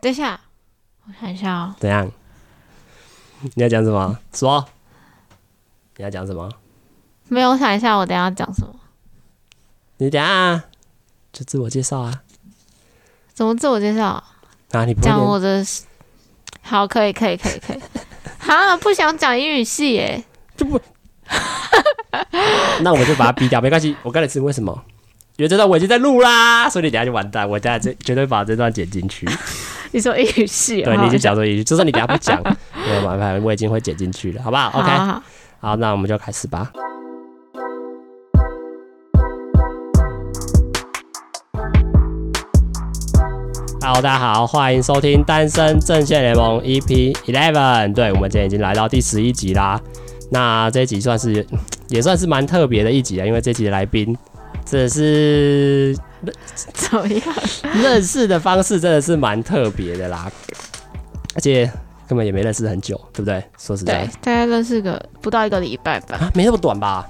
等一下，我想一下啊、喔。怎樣？你要講什麼？說。你要講什麼？沒有，我想一下，我等一下要講什麼？你等下、啊、就自我介紹啊。怎麼自我介紹啊？啊，你講我的。好，可以，可以，可以，可以。啊， 不想講英語系耶、欸。就不。 那我就把它逼掉，沒關係。我剛才是為什麼？因為這段我已經在錄啦，所以你等下就完蛋。我等下絕，絕對把這段剪進去。 你說一句是， 對，你就講說一句，就算你等下不講，我反正我已經會剪進去了，好不好？OK，好，好，好，好，那我們就開始吧。Hello， 大家好，歡迎收聽《單身陣線聯盟》EP Eleven。對，我們今天已經來到第十一集啦，那這一集算是也算是蠻特別的一集了，因為這一集的來賓。這是怎麼樣認識的方式？真的是蠻特別的啦，而且根本也沒認識很久，對不對？說實在，對大概認識個不到一個禮拜吧，啊、沒那麼短吧？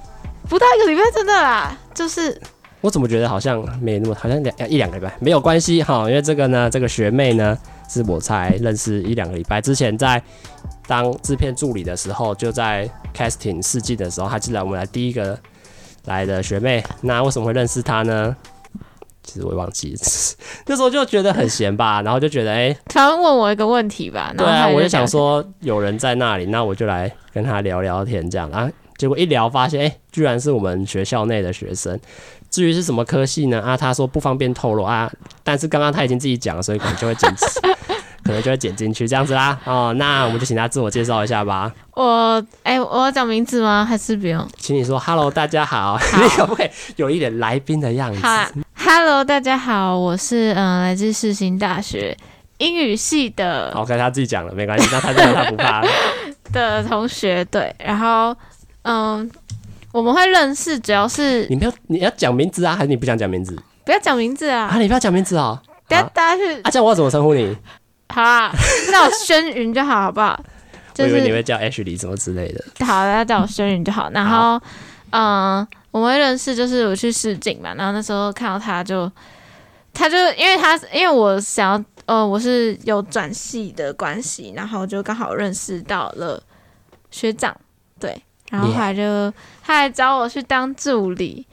不到一個禮拜，真的啦，就是我怎麼覺得好像沒那麼，好像兩一兩個禮拜沒有關係哈，因為這個呢，這個學妹呢是我才認識一兩個禮拜，之前在當製片助理的時候，就在 casting 試鏡的時候，她進來我們來第一個。來的學妹，那為什麼會認識她呢？其實我也忘記， 那時候就覺得很閒吧，然後就覺得哎，他們、欸、問我一個問題吧，對啊，我就想說有人在那裡，那我就來跟他聊聊天這樣啊，結果一聊發現哎、欸，居然是我們學校內的學生。至於是什麼科系呢？啊，他說不方便透露啊，但是剛剛他已經自己講了，所以可能就會堅持。 可能就會剪進去這樣子啦。哦，那我們就請他自我介紹一下吧。我，哎、欸，我要講名字嗎？還是不用？請你說，Hello，大家好。好 你可不可以有一點來賓的樣子？哈嘍、啊，Hello，大家好，我是嗯、呃，來自世新大學英語系的好。OK，他自己講了，沒關係，那他就讓他不怕 的同學，對，然後嗯、呃，我們會認識，主要是你沒有你要講名字啊，還是你不想講名字？不要講名字啊！啊，你不要講名字、喔、啊！大大家是啊，叫我要怎麼稱呼你？好啊，那我宣妘就好，好不好？ 就是、我以為你會叫 Ashley 什麼之類的。好那、啊、叫我宣妘就好。然後，嗯好、呃，我們認識就是我去試鏡嘛。然後那時候看到他就，他就因為他因為我想要呃我是有轉系的關係，然後就剛好認識到了學長。對，然後後來就 Yeah. 他來找我去當助理。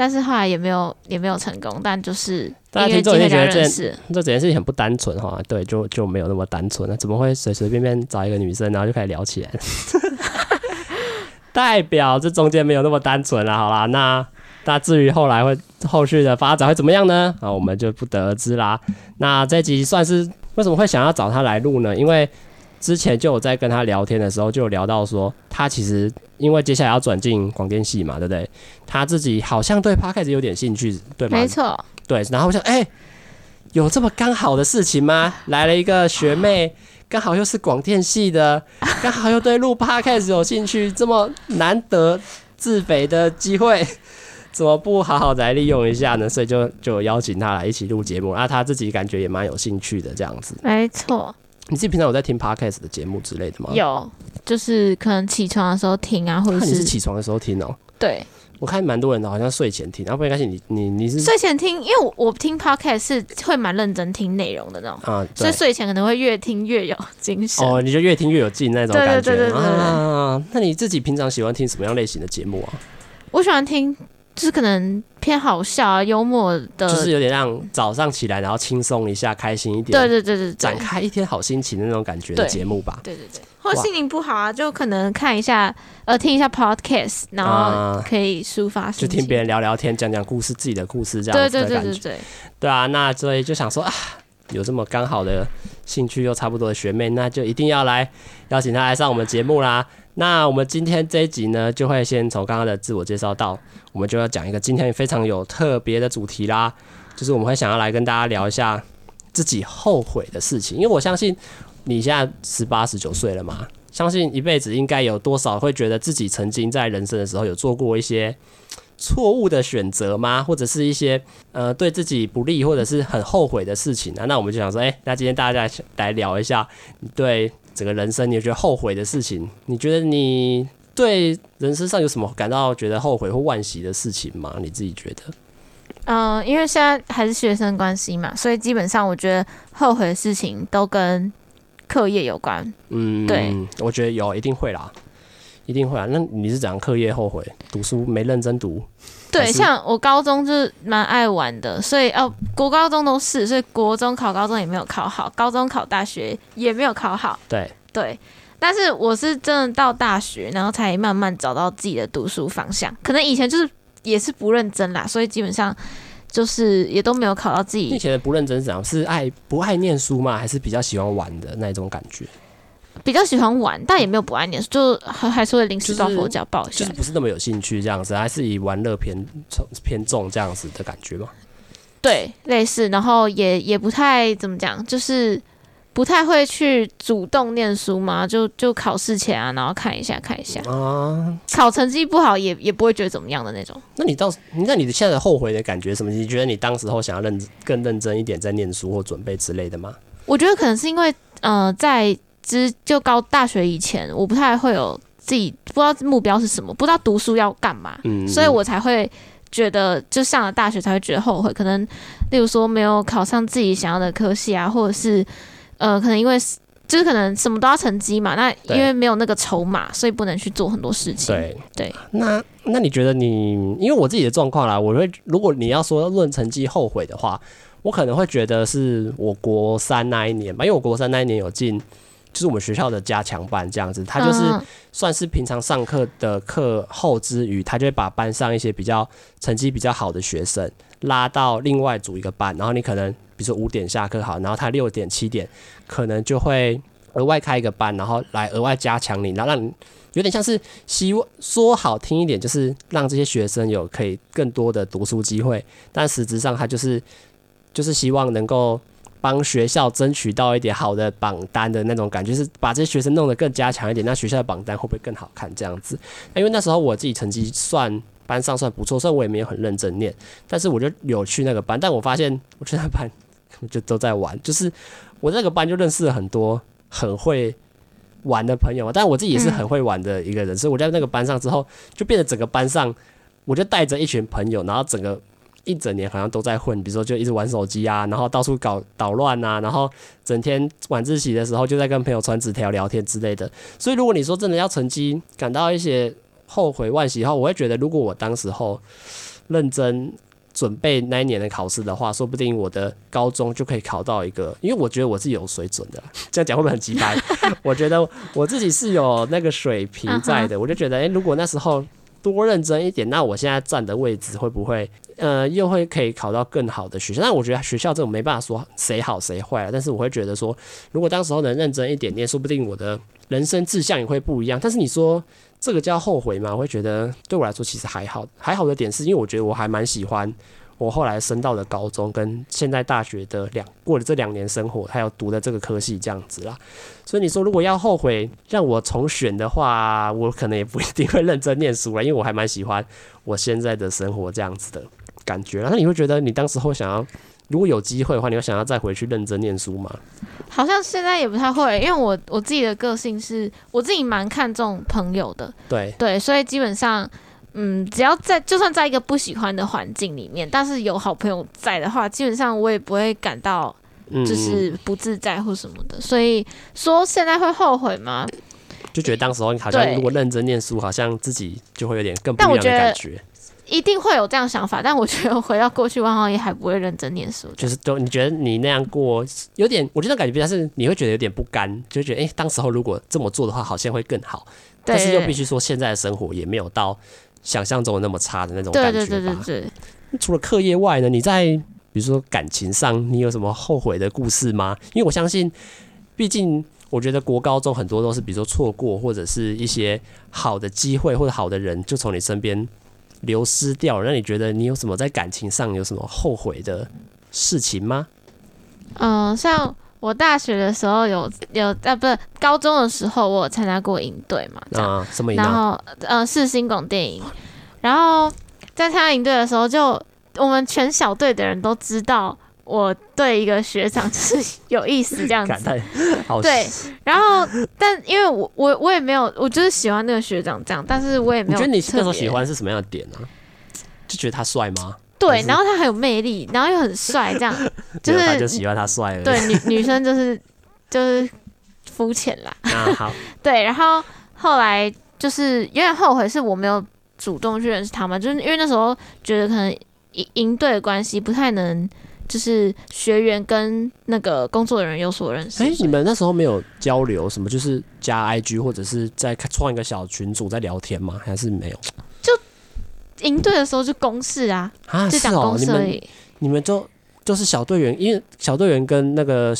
但是後來也沒有也沒有成功，但就是大家聽之後覺得這這整件事情很不單純哈，對，就就沒有那麼單純了。怎麼會隨隨便便找一個女生然後就開始聊起來了？ 代表這中間沒有那麼單純了，啊。好了，那那至於後來會後續的發展會怎麼樣呢？啊，我們就不得而知啦。那這集算是為什麼會想要找他來錄呢？因為。之前就有在跟他聊天的時候，就有聊到說，他其實因為接下來要轉進廣電系嘛，對不對？他自己好像對 podcast 有點興趣，對嗎？沒錯。對，然後我想，哎，有這麼剛好的事情嗎？來了一個學妹，剛好又是廣電系的，剛好又對錄 podcast 有興趣，這麼難得自肥的機會，怎麼不好好的來利用一下呢？所以就就邀請他來一起錄節目，那他自己感覺也蠻有興趣的，這樣子。沒錯。你自己平常有在聽 podcast 的節目之類的嗎？有，就是可能起床的時候聽啊，或者是，看你是起床的時候聽哦，喔。對，我看蠻多人的，好像睡前聽。不然後，沒關係，你你你是睡前聽，因為我我聽 podcast 是會蠻認真聽內容的那種啊，所以睡前可能會越聽越有精神哦。你就越聽越有勁那種感覺，對對對，嗯、啊，那你自己平常喜歡聽什麼樣類型的節目啊？我喜歡聽。就是可能偏好笑啊，幽默的，就是有點讓早上起來然後輕鬆一下，開心一點，對，對對對對，展開一天好心情的那種感覺的節目吧。對，對對對，或是心情不好啊，哇就可能看一下，呃，聽一下 podcast，然後可以抒發、啊，就聽別人聊聊天，講講故事，自己的故事這樣子的感覺。對對，對對對對，對啊，那所以就想說啊，有這麼剛好的興趣又差不多的學妹，那就一定要來邀請她來上我們的節目啦。 那我們今天這一集呢，就會先從剛剛的自我介紹到，我們就要講一個今天非常有特別的主題啦，就是我們會想要來跟大家聊一下自己後悔的事情。因為我相信你現在十八十九歲了嘛，相信一輩子應該有多少會覺得自己曾經在人生的時候有做過一些錯誤的選擇嗎？或者是一些呃對自己不利或者是很後悔的事情呢？那我們就想說，誒，那今天大家來，來聊一下對。整個人生，你覺得後悔的事情？你覺得你對人生上有什麼感到覺得後悔或惋惜的事情嗎？你自己覺得？嗯、呃，因為現在還是學生關係嘛，所以基本上我覺得後悔的事情都跟課業有關。嗯，對，我覺得有，一定會啦，一定會啊。那你是講課業後悔？讀書沒認真讀？對，像我高中就是蠻愛玩的，所以哦、呃，國高中都是，所以國中考高中也沒有考好，高中考大學也沒有考好。對對，但是我是真的到大學，然後才慢慢找到自己的讀書方向。可能以前就是也是不認真啦，所以基本上就是也都沒有考到自己。以前的不認真是怎樣？是愛不愛念書嗎？還是比較喜歡玩的那種感覺？比較喜歡玩，但也沒有不愛念書，就還還是會臨時抱佛腳抱一下、就是，就是不是那麼有興趣這樣子，還是以玩樂偏重偏重這樣子的感覺吧。對，類似，然後也也不太怎麼講，就是不太會去主動念書嘛，就就考試前啊，然後看一下看一下啊，嗯、考成績不好也也不會覺得怎麼樣的那種。那你到，那你現在的後悔的感覺什麼？你覺得你當時候想要認更認真一點在念書或準備之類的嗎？我覺得可能是因為呃，在。其實就高大學以前，我不太會有自己，不知道目標是什麼，不知道讀書要幹嘛，嗯，嗯，所以我才會覺得就上了大學才會覺得後悔，可能例如說沒有考上自己想要的科系啊，或者是呃，可能因為就是可能什麼都要成績嘛，那因為沒有那個籌碼，所以不能去做很多事情。對對，那那你覺得你，因為我自己的狀況啦，我會如果你要說論成績後悔的話，我可能會覺得是我國三那一年吧，因為我國三那一年有進。就是我們學校的加強班這樣子，他就是算是平常上課的課後之餘，他就會把班上一些比較成績比較好的學生拉到另外組一個班，然後你可能比如說五點下課好，然後他六點七點可能就會額外開一個班，然後來額外加強你，然後讓你有點像是希望說好聽一點，就是讓這些學生有可以更多的讀書機會，但實質上他就是就是希望能夠。幫學校爭取到一點好的榜單的那種感覺，就是把這些學生弄得更加強一點，那學校的榜單會不會更好看？這樣子，因為那時候我自己成績算班上算不錯，雖然我也沒有很認真念，但是我就有去那個班。但我發現，我去那個班就都在玩，就是我那個班就認識了很多很會玩的朋友，但我自己也是很會玩的一個人，嗯、所以我在那個班上之後，就變得整個班上，我就帶着一群朋友，然後整個。一整年好像都在混，比如說就一直玩手機啊，然後到處搞搗亂啊。然後整天晚自習的時候就在跟朋友傳紙條聊天之類的。所以如果你說真的要成績感到一些後悔惋惜的話，我會覺得如果我當時候認真準備那一年的考試的話，說不定我的高中就可以考到一個，因為我覺得我是有水準的，這樣講會不會很雞掰？ 我覺得我自己是有那個水平在的，我就覺得誒，如果那時候。多認真一點，那我現在站的位置會不會，呃，又會可以考到更好的學校？但我覺得學校這種沒辦法說誰好誰壞。但是我會覺得說，如果當時候能認真一點點，說不定我的人生志向也會不一樣。但是你說這個叫後悔嗎？我會覺得對我來說其實還好，還好的點是因為我覺得我還蠻喜歡。我後來升到了高中，跟現在大學的兩過了這兩年生活，還有讀的這個科系這樣子啦。所以你說，如果要後悔讓我重選的話，我可能也不一定會認真念書了，因為我還蠻喜歡我現在的生活這樣子的感覺。那你會覺得你當時候想要，如果有機會的話，你會想要再回去認真念書嗎？好像現在也不太會、欸，因為我我自己的個性是我自己蠻看重朋友的，對對，所以基本上。嗯，只要在就算在一個不喜歡的環境裡面，但是有好朋友在的話，基本上我也不會感到就是不自在或什麼的。嗯、所以說現在會後悔嗎？就覺得當時候好像對如果認真念書，好像自己就會有點更不一樣的感覺。覺一定會有這樣想法，但我覺得回到過去，萬豪也還不會認真念書。就是都你覺得你那樣過有點，我覺得感覺比較是你會覺得有點不甘，就覺得哎、欸，當時候如果這麼做的話，好像會更好。但對是又必須說，現在的生活也沒有到。想象中那麼差的那種感覺吧。對對對對。除了課業外呢，你在比如說感情上，你有什麼後悔的故事嗎？因為我相信，畢竟我覺得國高中很多都是比如說錯過或者是一些好的機會或者好的人就從你身邊流失掉了，那你覺得你有什麼在感情上有什麼後悔的事情嗎？嗯，像。我大學的時候有有啊，不是高中的時候，我有參加過營隊嘛，然後嗯，世新廣電影，然後在參加營隊的時候，就我們全小隊的人都知道我對一個學長就是有意思這樣子，對，然後但因為我我我也沒有，我就是喜歡那個學長這樣，但是我也沒有特別你覺得你那時候喜歡是什麼樣的點啊？就覺得他帥嗎？對，然後他很有魅力，然後又很帥，這樣就是 他就喜歡他帥。對，女女生就是就是膚淺啦、 啊。好，對，然後後來就是有點後悔，是我沒有主動去認識他嘛，就是因為那時候覺得可能營營隊的關係不太能，就是學員跟那個工作人員有所認識。誒、欸，以你們那時候沒有交流什麼，就是加 IG 或者是在創一個小群組在聊天嗎？還是沒有？贏隊的時候就公示啊，就講公事。你們你們就就是小隊員，因為小隊員跟那個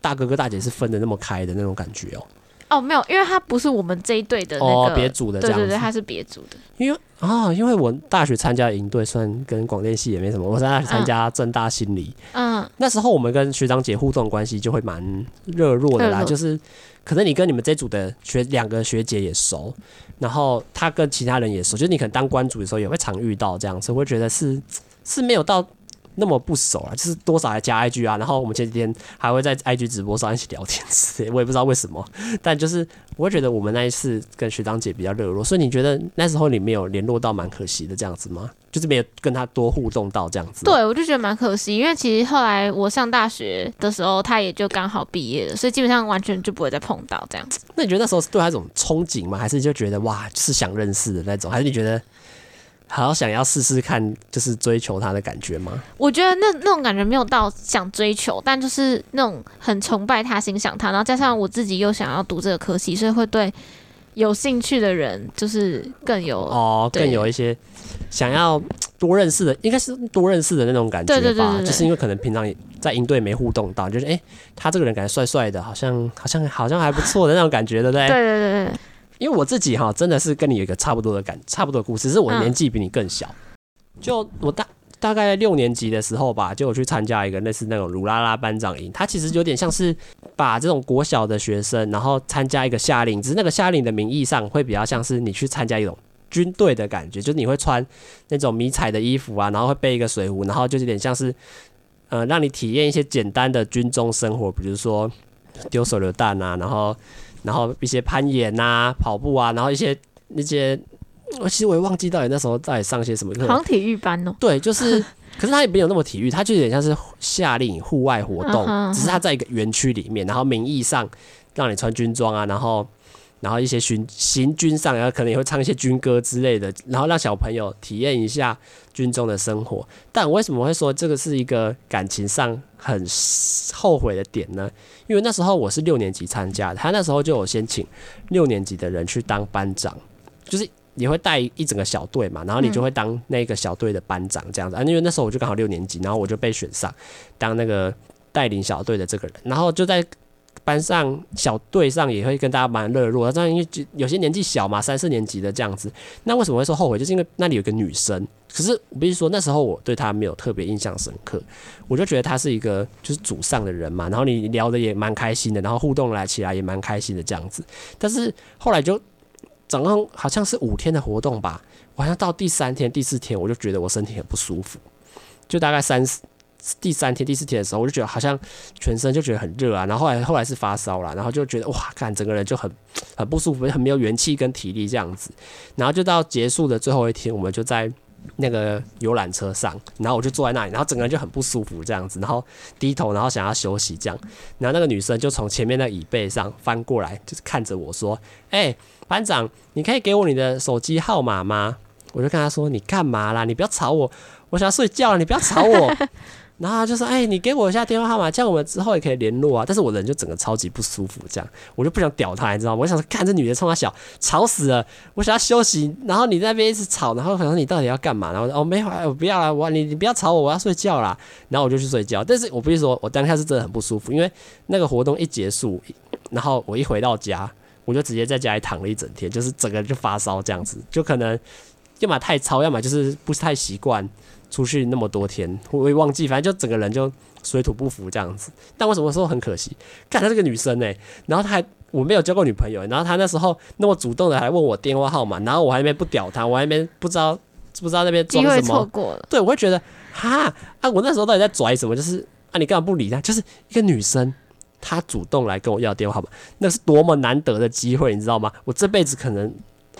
大哥哥、大姐是分得那麼開的那種感覺哦。哦，沒有，因為他不是我們這一隊的那個，別、哦、組的這樣子，對對對，他是別組的。因為啊、哦，因為我大學參加營隊，雖然跟廣電系也沒什麼，我是大學參加政大心理，嗯，嗯那時候我們跟學長姐互動關係就會蠻熱絡的啦。熱熱就是可能你跟你們這組的學兩個學姐也熟，然後他跟其他人也熟，就是你可能當關主的時候也會常遇到這樣子，會覺得是是沒有到。那麼不熟啊，就是多少還加 IG 啊，然後我們前幾天還會在 IG 直播上一起聊天之類，我也不知道為什麼，但就是我會覺得我們那一次跟學長姐比較熱絡。所以你覺得那時候你沒有聯絡到蠻可惜的這樣子嗎？就是沒有跟他多互動到這樣子？對，我就覺得蠻可惜，因為其實後來我上大學的時候，他也就剛好畢業了，所以基本上完全就不會再碰到這樣子。那你覺得那時候是對他一種憧憬嗎？還是你就覺得哇，就是想認識的那種？還是你覺得？好像想要試試看，就是追求他的感覺嗎？我覺得那那種感覺沒有到想追求，但就是那種很崇拜他、欣賞他，然後加上我自己又想要讀這個科系，所以會對有興趣的人就是更有哦，對更有一些想要多認識的，應該是多認識的那種感覺吧。對對對對，就是因為可能平常在營隊沒互動到，就是哎、欸，他這個人感覺帥帥的，好像好像好像還不錯的那種感覺對不對？ 對對對對。因為我自己哈，真的是跟你有一個差不多的感，差不多的故事，只是我的年紀比你更小。就我大大概六年級的時候吧，就我去參加一個類似那種盧拉拉班長營，它其實有點像是把這種國小的學生，然後參加一個夏令營，只是那個夏令營的名義上會比較像是你去參加一種軍隊的感覺，就是你會穿那種迷彩的衣服啊，然後會背一個水壺，然後就有點像是，呃，讓你體驗一些簡單的軍中生活，比如說丟手榴彈啊，然後。然後一些攀岩吶、啊、跑步啊，然後一些那些，我其實我也忘記到底那時候到底上一些什麼課。行體育班哦？對，就是，可是他也沒有那麼體育，他就有點像是夏令營戶外活動，只是他在一個園區裡面，然後名義上讓你穿軍裝啊，然後。然後一些巡行軍上，然後可能也會唱一些軍歌之類的，然後讓小朋友體驗一下軍中的生活。但為什麼會說這個是一個感情上很後悔的點呢？因為那時候我是六年級參加，他那時候就有先請六年級的人去當班長，就是你會帶一整個小隊嘛，然後你就會當那個小隊的班長這樣子、嗯、啊。因為那時候我就剛好六年級，然後我就被選上當那個帶領小隊的這個人，然後就在。班上小隊上也會跟大家蠻熱絡，這樣，因為有些年紀小嘛，三四年級的這樣子。那為什麼會說後悔？就是因為那裡有個女生，可是我必須說那時候我對她沒有特別印象深刻，我就覺得她是一個就是組上的人嘛。然後你聊的也蠻開心的，然後互動來起來也蠻開心的這樣子。但是後來就整個好像是五天的活動吧，好像到第三天、第四天我就覺得我身體很不舒服，就大概三四。第三天、第四天的時候，我就覺得好像全身就覺得很熱啊，然後後來後來是發燒了，然後就覺得哇，看整個人就很很不舒服，很沒有元氣跟體力這樣子。然後就到結束的最後一天，我們就在那個遊覽車上，然後我就坐在那裡，然後整個人就很不舒服這樣子，然後低頭，然後想要休息這樣。然後那個女生就從前面的椅背上翻過來，就是看着我說：“哎、欸，班長，你可以給我你的手機號碼嗎？”我就跟她說：“你幹嘛啦？你不要吵我，我想要睡覺了、啊，你不要吵我。” 然後就說：“哎、欸，你給我一下電話號碼，這樣我們之後也可以聯絡啊。”但是，我人就整個超級不舒服，這樣我就不想屌他，你知道嗎？我想說，看這女的衝他笑，吵死了！我想要休息，然後你在那邊一直吵，然後可能你到底要幹嘛？然後哦，沒有，我不要了，我你你不要吵我，我要睡覺了。然後我就去睡覺。但是我必須說，我當下是真的很不舒服，因為那個活動一結束，然後我一回到家，我就直接在家裡躺了一整天，就是整個就發燒這樣子，就可能要麼太吵，要麼就是不是太習慣。出去那麼多天，我會忘記，反正就整個人就水土不服這樣子。但為什麼說很可惜？看她這個女生呢、欸？然後她還我沒有交過女朋友，然後她那時候那麼主動的還問我電話號碼，然後我還沒不屌她，我還沒不知道不知道那邊裝什麼。錯過了。對，我會覺得哈啊，我那時候到底在拽什麼？就是啊，你幹嘛不理她？就是一個女生，她主動來跟我要電話號碼，那是多麼難得的機會，你知道嗎？我這輩子可能。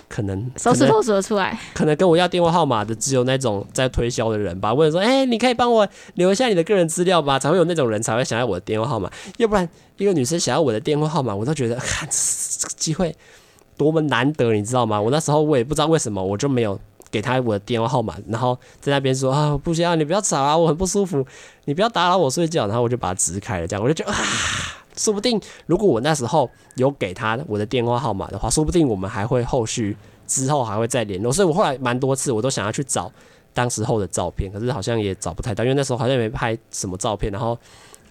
可能收拾收拾得出來，可能跟我要電話號碼的只有那種在推銷的人吧。問說，誒、欸，你可以幫我留下你的個人資料吧？才會有那種人才會想要我的電話號碼。要不然，一個女生想要我的電話號碼，我都覺得看這個機會多麼難得，你知道嗎？我那時候我也不知道為什麼，我就沒有給她我的電話號碼，然後在那邊說啊，不行啊，你不要吵啊，我很不舒服，你不要打擾我睡覺。然後我就把它支開了，這樣我就就啊。說不定，如果我那時候有給他我的電話號碼的話，說不定我們還會後續之後還會再聯絡。所以我後來蠻多次，我都想要去找當時候的照片，可是好像也找不太到，因為那時候好像也沒拍什麼照片，然後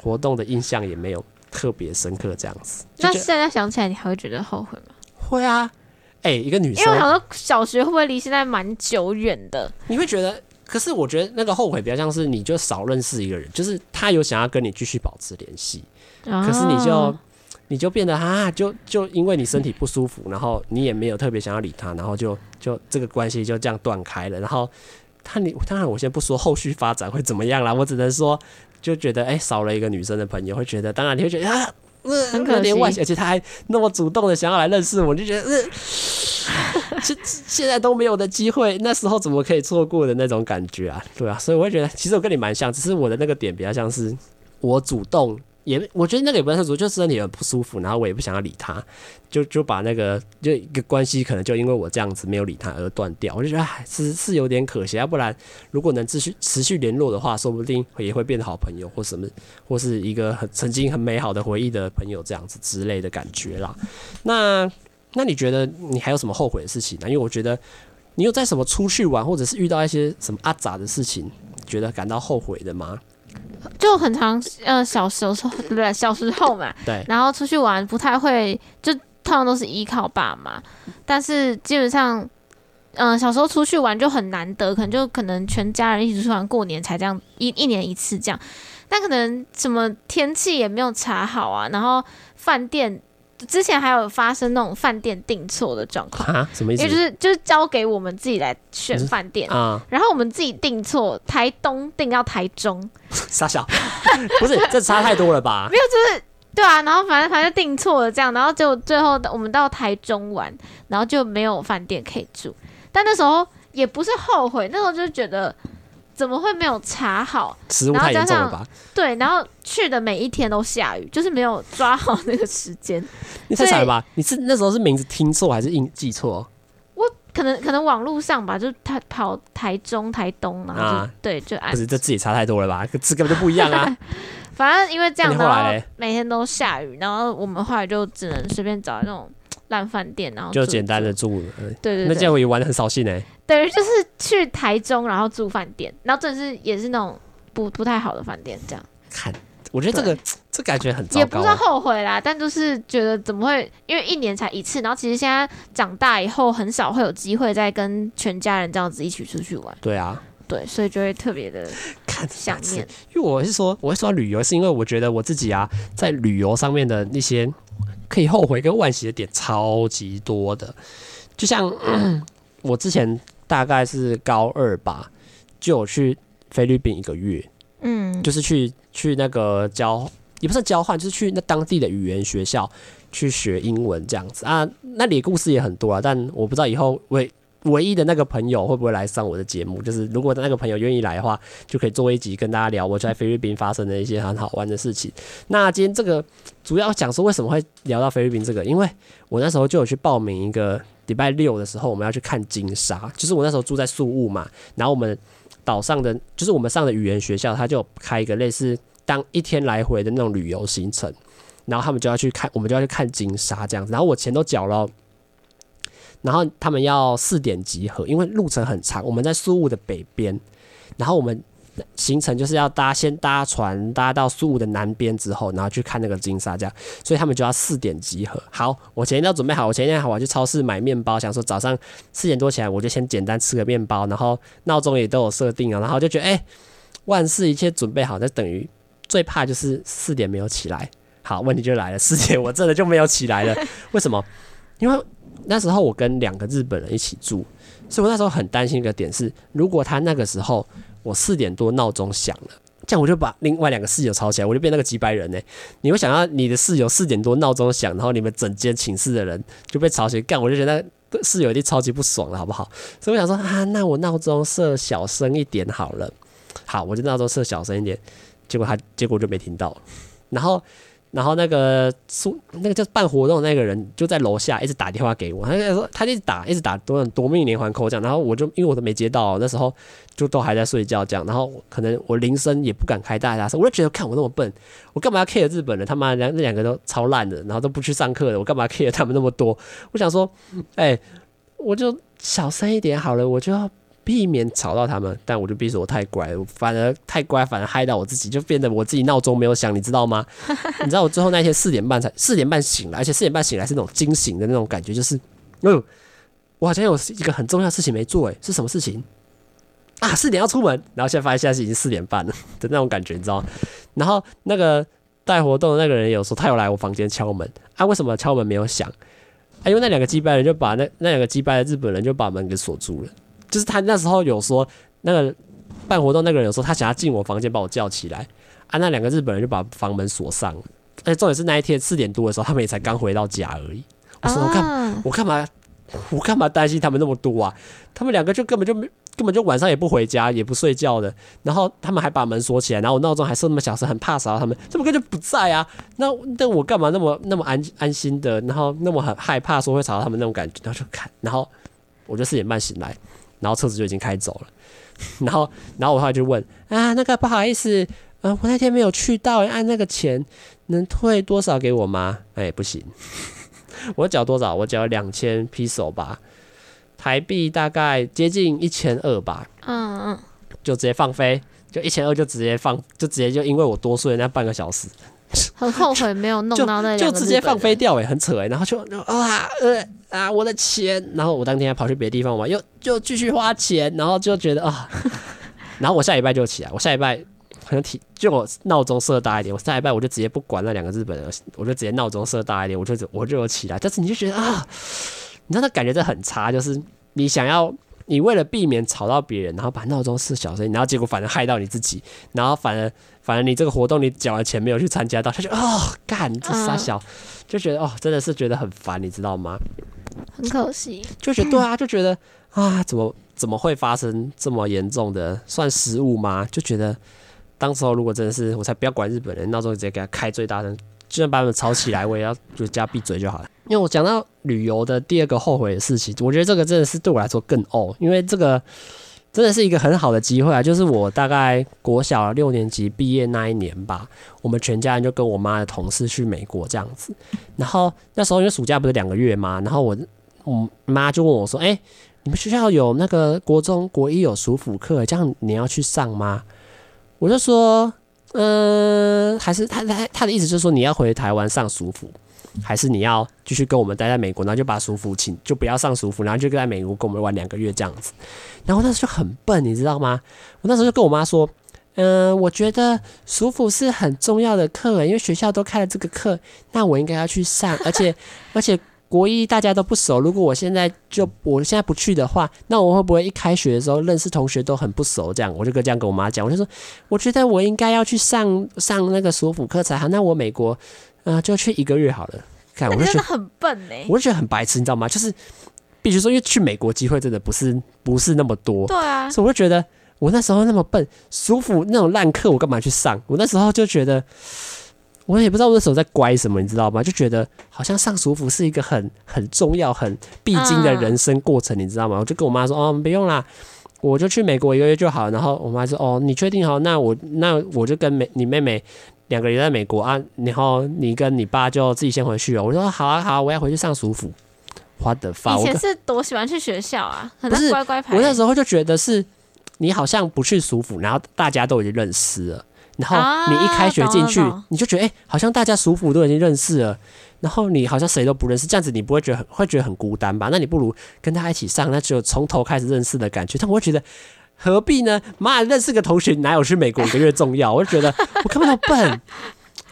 活動的印象也沒有特別深刻這樣子。就就那現在想起來，你還會覺得後悔嗎？會啊，誒、欸，一個女生，因為我想說小學會不會離現在蠻久遠的？你會覺得？可是我覺得那個後悔比較像是你就少認識一個人，就是他有想要跟你繼續保持聯繫。可是你就你就變得啊，就就因為你身體不舒服，然後你也沒有特別想要理他，然後就就這個關係就這樣斷開了。然後他你當然我先不說後續發展會怎麼樣啦，我只能說就覺得誒、欸，少了一個女生的朋友，會覺得當然你會覺得啊，那、呃、很可惜，而且他還那麼主動的想要來認識我，就覺得這現、呃、現在都沒有的機會，那時候怎麼可以錯過的那種感覺啊？對啊，所以我會覺得其實我跟你蠻像，只是我的那個點比較像是我主動。也我覺得那個也不太足，就是讓你很不舒服，然後我也不想要理他，就就把那個就一個關係可能就因為我這樣子沒有理他而斷掉，我就覺得哎，是是有點可惜，要不然如果能持續持續聯絡的話，說不定也會變得好朋友或什麼，或是一個很曾經很美好的回憶的朋友這樣子之類的感覺啦。那那你覺得你還有什麼後悔的事情呢？因為我覺得你有在什麼出去玩，或者是遇到一些什麼阿雜的事情，覺得感到後悔的嗎？就很常，嗯、呃，小時候，不對，小時候嘛，對然後出去玩不太會，就通常都是依靠爸媽。但是基本上，嗯、呃，小時候出去玩就很難得，可能就可能全家人一起出去玩，過年才這樣一一年一次這樣。那可能什麼天氣也沒有查好啊，然後飯店。之前還有發生那種飯店訂錯的狀況，什麼意思？因為就是就是交給我們自己來選飯店、嗯嗯、然後我們自己訂錯，台東訂到台中，傻小笑，不是，這差太多了吧？ 沒有，就是對啊，然後反正反正訂錯了這樣，然後就最後我們到台中玩，然後就沒有飯店可以住，但那時候也不是後悔，那時候就覺得。怎麼會沒有查好？失誤太嚴重了吧？對，然後去的每一天都下雨，就是沒有抓好那個時間。你是啥了吧？以你是那時候是名字聽錯還是印記錯？我可能可能網絡上吧，就他跑台中、台東，然後就、啊、對，就哎，可是，這字也差太多了吧？這根本就不一樣啊！ 反正因為這樣的話，每天都下雨，然後我們後來就只能隨便找那種爛飯店，然後就簡單的住了。對對，對對。那這樣我也玩得很掃興哎。等於就是去台中，然後住飯店，然後真的是也是那種不不太好的飯店，這樣。看，我覺得這個對這個感覺很糟糕啊。也不是後悔啦，但就是覺得怎麼會？因為一年才一次，然後其實現在長大以後，很少會有機會再跟全家人這樣子一起出去玩。對啊，對，所以就會特別的看想念看。因為我是說，我會說旅遊，是因為我覺得我自己啊，在旅遊上面的那些可以後悔跟惋惜的點超級多的，就像、嗯、我之前。大概是高二吧，就有去菲律賓一個月，嗯，就是去去那個交，也不是交換，就是去那當地的語言學校去學英文這樣子啊。那裡的故事也很多啊。但我不知道以後唯唯一的那個朋友會不會來上我的節目，就是如果那個朋友願意來的話，就可以做一集跟大家聊我在菲律賓發生的一些很好玩的事情。那今天這個主要講說為什麼會聊到菲律賓這個，因為我那時候就有去報名一個。禮拜六的時候，我們要去看鯨鯊。就是我那時候住在宿務嘛，然後我們島上的，就是我們上的語言學校，他就開一個類似當一天來回的那種旅遊行程，然後他們就要去看，我們就要去看鯨鯊這樣子。然後我錢都繳了，然後他們要四點集合，因為路程很長，我們在宿務的北邊，然後我們。行程就是要搭先搭船搭到樹的南邊之後，然後去看那個金沙這樣，所以他們就要四點集合。好，我前一天都準備好，我前一天還我去超市買麵包，想說早上四點多起來，我就先簡單吃個麵包，然後鬧鐘也都有設定啊，然後就覺得哎、欸，萬事一切準備好，那等於最怕就是四點沒有起來。好，問題就來了，四點我真的就沒有起來了，為什麼？因為那時候我跟兩個日本人一起住，所以我那時候很擔心一個點是，如果他那個時候。我四點多鬧鐘響了，這樣我就把另外兩個室友吵起來，我就變那個幾百人呢、欸。你會想到你的室友四點多鬧鐘響，然後你們整間寢室的人就被吵起來幹，我就覺得室友一定超級不爽了，好不好？所以我想說啊，那我鬧鐘設小聲一點好了。好，我就鬧鐘設小聲一點，結果他結果就沒聽到，然後。然後那個說，那個就是辦活動的那個人就在樓下一直打電話給我，他就說他就一直打，一直打，多命奪命連環 call 這樣。然後我就因為我都沒接到，那時候就都還在睡覺這樣。然後可能我鈴聲也不敢開大,大，他說我就覺得看我那麼笨，我幹嘛要 care 日本人？他媽兩那兩個都超爛的，然後都不去上課的，我幹嘛 care 他們那麼多？我想說，哎，我就小聲一點好了，我就要。避免吵到他們，但我就必須說我太乖，我反而太乖，反而害到我自己，就變得我自己鬧鐘沒有響，你知道嗎？ 你知道我最後那天四點半才四點半醒來，而且四點半醒來是那種驚醒的那種感覺，就是嗯，我好像有一個很重要的事情沒做，誒,是什麼事情？啊，四點要出門，然後現在發現現在是已經四點半了的那種感覺，你知道嗎？然後那個帶活動的那個人有說，他有來我房間敲門，啊，為什麼敲門沒有響？啊、因為那兩個擊敗人就把那那兩個擊敗的日本人就把門給鎖住了。就是他那時候有說，那個辦活動那個人說，他想要進我房間把我叫起來啊，那兩個日本人就把房門鎖上了。而且重點是那一天四點多的時候，他們也才剛回到家而已。我說我幹我幹嘛？我幹嘛擔心他們那麼多啊？他們兩個就根本就沒根本就晚上也不回家，也不睡覺的。然後他們還把門鎖起來，然後我鬧鐘還設那麼小聲，很怕吵到他們。他們根本就不在啊，那那我幹嘛那麼那麼安安心的？然後那麼很害怕說會吵到他們那種感覺，然後就看。然後我就四點半醒來。然後車子就已經開走了，然後，然後我後來就問啊，那個不好意思，呃，我那天沒有去到，按那個錢能退多少給我嗎？哎，不行， 我繳多少？我繳兩千披索吧，台幣大概接近一千二吧。嗯嗯，就直接放飛，就一千二就直接放，就直接就因為我多睡了那半個小時。很後悔沒有弄到那就，就直接放飛掉哎、欸，很扯、欸、然後就啊呃啊，我的錢，然後我當天還跑去別的地方玩，又就繼續花錢，然後就覺得啊， 然後我下禮拜就起來，我下禮拜可能提就我鬧鐘設大一點，我下禮拜我就直接不管那兩個日本人，我就直接鬧鐘設大一點，我就我就起來，但是你就覺得啊，你知道那感覺這很差，就是你想要你為了避免吵到別人，然後把鬧鐘設小聲，然後結果反而害到你自己，然後反而。反正你這個活動，你繳了錢沒有去參加到，他就哦，幹這傻小，uh, 就覺得哦，真的是覺得很煩，你知道嗎？很可惜，就覺得對啊，就覺得啊，怎麼怎麼會發生這麼嚴重的算失誤嗎？就覺得，當時候如果真的是我才不要管日本人，到時候直接給他開最大聲，就算把他們吵起來，我也要就加閉嘴就好了。 因為我講到旅遊的第二個後悔的事情，我覺得這個真的是對我來說更哦，因為這個。真的是一個很好的機會啊！就是我大概國小六年級畢業那一年吧，我們全家人就跟我媽的同事去美國這樣子。然後那時候因為暑假不是兩個月嘛，然後我我媽就問我說：“哎，你們學校有那個國中國一有暑輔課，這樣你要去上嗎？”我就說：“嗯、呃，還是他他他的意思就是說你要回台灣上暑輔。”還是你要繼續跟我們待在美國，然後就把暑輔請，就不要上暑輔，然後就在美國跟我們玩兩個月這樣子。然後我那時候就很笨，你知道嗎？我那時候就跟我媽說：“嗯、呃，我覺得暑輔是很重要的課、欸，因為學校都開了這個課，那我應該要去上。而且，而且國一大家都不熟，如果我現在就我現在不去的話，那我會不會一開學的時候認識同學都很不熟？這樣我就跟這樣跟我媽講，我就說我覺得我應該要去上上那個暑輔課才好。那我美國。”啊、呃，就去一個月好了。看，我就覺得、欸、很笨哎、欸，我就覺得很白痴，你知道嗎？就是必須說，因為去美國機會真的不是不是那麼多。對啊，所以我就覺得我那時候那麼笨，世新那種爛課我幹嘛去上？我那時候就覺得，我也不知道我那時候在乖什麼，你知道嗎？就覺得好像上世新是一個很很重要、很必經的人生過程，嗯、你知道嗎？我就跟我媽說，哦，不用啦，我就去美國一個月就好。然後我媽說，哦，你確定好？那我那我就跟妹你妹妹，兩個人在美國啊，然後你跟你爸就自己先回去了。我說好啊好啊，我要回去上暑輔。What the fuck！以前是多喜歡去學校啊，但是乖乖牌。我那時候就覺得是，你好像不去暑輔，然後大家都已經認識了，然後你一開學進去，啊、懂懂你就覺得哎、欸，好像大家暑輔都已經認識了，然後你好像誰都不認識，這樣子你不會覺得很會覺得很孤單吧？那你不如跟他一起上，那就從頭開始認識的感覺。但我會覺得。何必呢？媽，認識個同學哪有去美國一個月重要？我就覺得我根本好笨，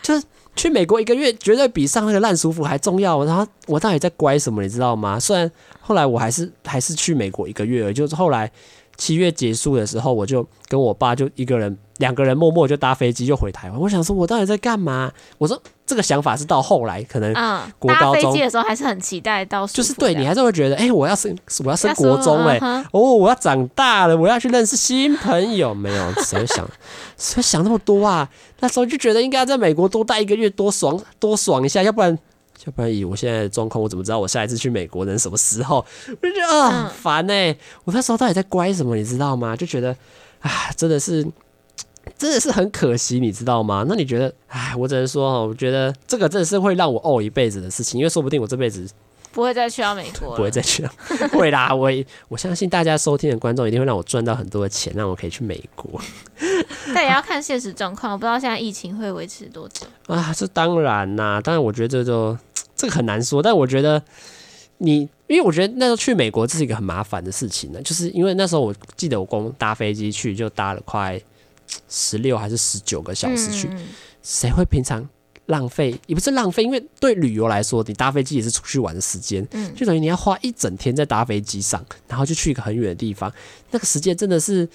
就是去美國一個月絕對比上那個爛暑輔還重要。然後我到底在乖什麼？你知道嗎？雖然後來我還是還是去美國一個月而，就是後來七月結束的時候，我就跟我爸就一個人兩個人默默就搭飛機就回台灣。我想說，我到底在幹嘛？我說。這個想法是到後來可能，國高中。嗯、搭飛機的時候還是很期待到，就是對你還是會覺得，哎、欸，我要升，我要升國中哎、欸，嗯、哦，我要長大了，我要去認識新朋友， 沒有，誰想，誰想那麼多啊？那時候就覺得應該要在美國多待一個月，多爽，多爽一下，要不然，要不然以我現在的狀況，我怎麼知道我下一次去美國能什麼時候？我就覺得啊，哦、很煩哎、欸，我那時候到底在乖什麼？你知道嗎？就覺得，啊，真的是。真的是很可惜，你知道嗎？那你覺得？哎，我只能說，我覺得這個真的是會讓我懊一輩子的事情，因為說不定我這輩子不會再去到美國，不會再去到， 會啦！我我相信大家收聽的觀眾一定會讓我賺到很多的錢，讓我可以去美國。但也要看現實狀況，啊、我不知道現在疫情會維持多久啊！這當然啦，但是我覺得這就，就這個很難說。但我覺得你，因為我覺得那時候去美國這是一個很麻煩的事情呢，就是因為那時候我記得我光搭飛機去就搭了快，十六還是十九個小時去，誰會平常浪費？也不是浪費，因為對旅遊來說，你搭飛機也是出去玩的時間，就等於你要花一整天在搭飛機上，然後就去一個很遠的地方，那個時間真的是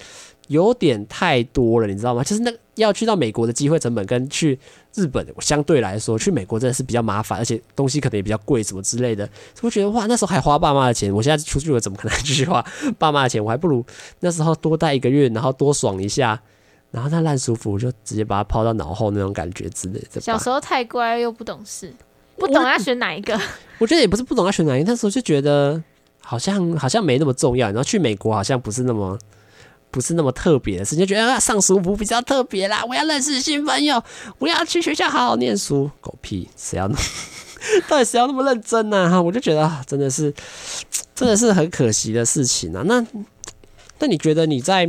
有點太多了，你知道嗎？就是那要去到美國的機會成本跟去日本相對來說，去美國真的是比較麻煩，而且東西可能也比較貴，什麼之類的，我覺得哇，那時候還花爸媽的錢，我現在出去了，怎麼可能繼續花爸媽的錢？我還不如那時候多待一個月，然後多爽一下。然後那爛舒服，我就直接把它拋到腦後那種感覺之類的。小時候太乖又不懂事，不懂要選哪一個。我，我覺得也不是不懂要選哪一個，但是就覺得好像好像沒那麼重要。然後去美國好像不是那麼不是那麼特別的事，就覺得上舒服比較特別啦。我要認識新朋友，我要去學校好好念書。狗屁，誰要？ 到底誰要那麼認真呢？哈，我就覺得真的是真的是很可惜的事情啊。那那你覺得你在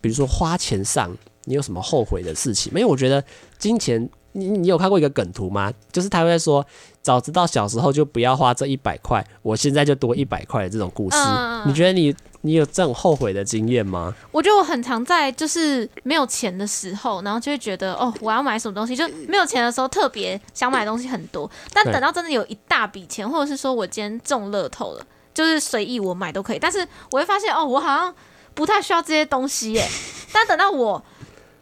比如說花錢上？你有什麼後悔的事情？沒有？我覺得金錢，你你有看過一個梗圖嗎？就是他會說，早知道小時候就不要花這一百塊，我現在就多一百塊的這種故事。嗯，你覺得你你有這種後悔的經驗嗎？我覺得我很常在就是沒有錢的時候，然後就會覺得哦，我要買什麼東西，就沒有錢的時候特別想買東西很多。但等到真的有一大筆錢，或者是說我今天中樂透了，就是隨意我買都可以。但是我會發現哦，我好像不太需要這些東西耶，欸。但等到我。